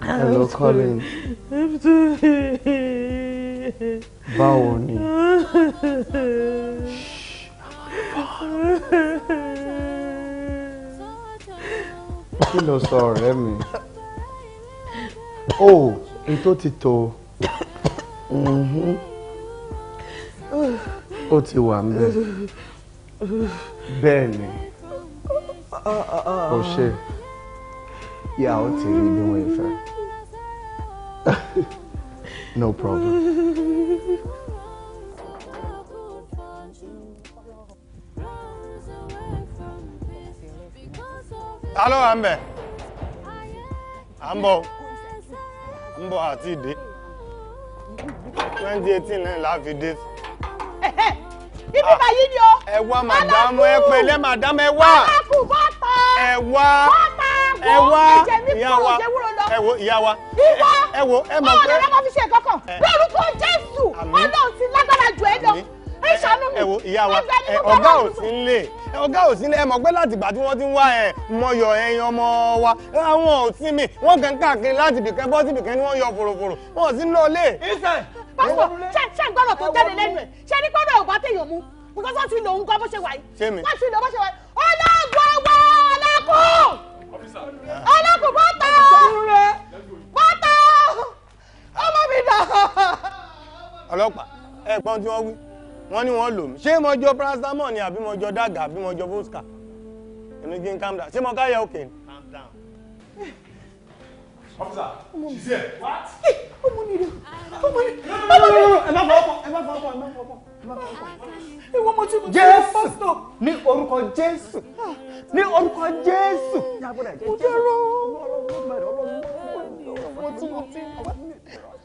Hello, Colin. I'm sorry. Báwo ni. Kí ló sọ ọ̀rẹ́ mi? Oh, Ó ètò ti tó. Mhm. Ó ti wà ń bẹ̀ bẹ́ẹ̀ ni ó ṣe ìyàwó ti rí bí wọ́n fẹ́ no problem. alo à ń bẹ̀ à ń bọ̀ ń bọ̀ àti ìdè twenty eighteen náà la fi dé ibi báyìí ni o. ẹ wá màdámù ẹ pẹ̀lẹ́ màdámù ẹ wá. alákù bọ́tà. ẹ wá. bọ́tà ẹ wá ìyá wa ẹ wo ìyá wa. ìwọ ẹ wo ẹ mọ pé. ọ̀rọ̀ lọ́wọ́ fi ṣe kankan lórúkọ jésù ọlọ́run ti lágbára jù ẹ lọ ẹ ṣàánú mi. ẹ wo ìyá wa ẹ ọgá ò sí nílé ọgá ò sí nílé ẹ mọ̀ pé láti ìgbà tí wọ́n ti ń wá ẹ mọyọ ẹyin ọmọ wa àwọn ò sí mi wọ́n kàn káàkiri láti ibìkan bọ́ síbìkan ni wọ́n yọ fòròfòrò wọn ò sí nílé olè pásítọ̀ ṣe ṣe gbọ́dọ̀ tó jáde lẹ́nu ẹ̀ ṣe ní gbọ́dọ̀ ògbà téèyàn mu because wọ́n ti lò ń gbọ́ bó ṣe wà yìí wọ́n ti lò bó ṣe wà yìí ọlọ́gbọ̀gbọ̀ ọlọ́kù ọlọ́kù bọ́tà bọ́tà ọmọ mi dà. ọlọ́pàá ẹ̀gbọ́n tí wọ́n wí wọ́n ní wọ́n lò mí ṣé mo jọ paracetamol ni àbí mo jọ dàgà àbí mo jọ vodka ẹni jí ń calm down ṣé mo káyọ̀ òkè ni. calm down. Officer, she's here. What? Hey, ọmọ nílò. Ọmọ nílò. Ọmọ nílò. Ẹ má fọ ọkọ, ẹ má fọ ọkọ, ẹ má fọ ọkọ. Ẹ má fọ ọkọ. Ìwọ mo ti mú tẹ́lẹ̀ pásítọ̀. Ní orúkọ Jésù. Ní orúkọ Jésù. Mo dẹ̀rọ̀. Mo ti mú tẹ́lẹ̀.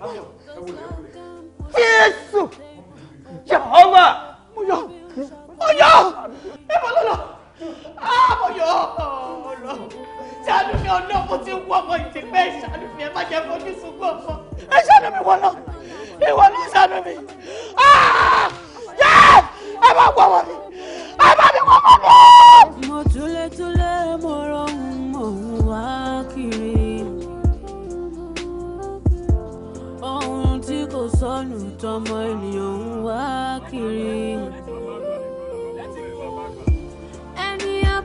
아, 수 야, 엄마! 뭐야? 뭐야? 해봐라! àmọ̀yọ́ ọ̀lọ́ ṣàánú mi ọ̀nà mo ti wú ọmọ ìdìpẹ́ ṣàánú mi ẹ má jẹ́ fojú sunkún ọmọ ẹ ṣàánú mi wọ́n ìwọ náà ṣàánú mi ah! ẹ má wọ ọmọ mi ẹ má mi wọ ọmọ mi. mo túlétúlé mo rọrùn mo wá kiri ohun tí kò sọnù tọmọ ènìyàn ń wá kiri.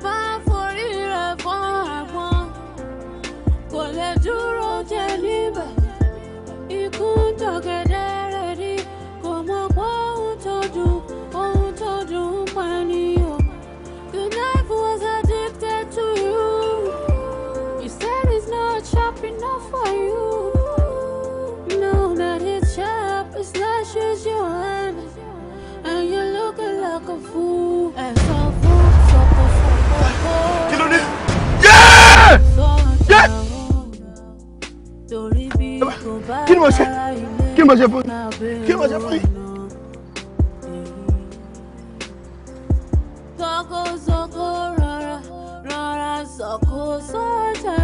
bá forí rẹ̀ fọ́n àgbọn kò lè dúró jẹ níbẹ̀ ikú tọ̀gẹ̀dẹ̀. kí mo ṣe fún kí mo ṣe fún yín. sọkò sọkò rọra rọra sọkò sọjà.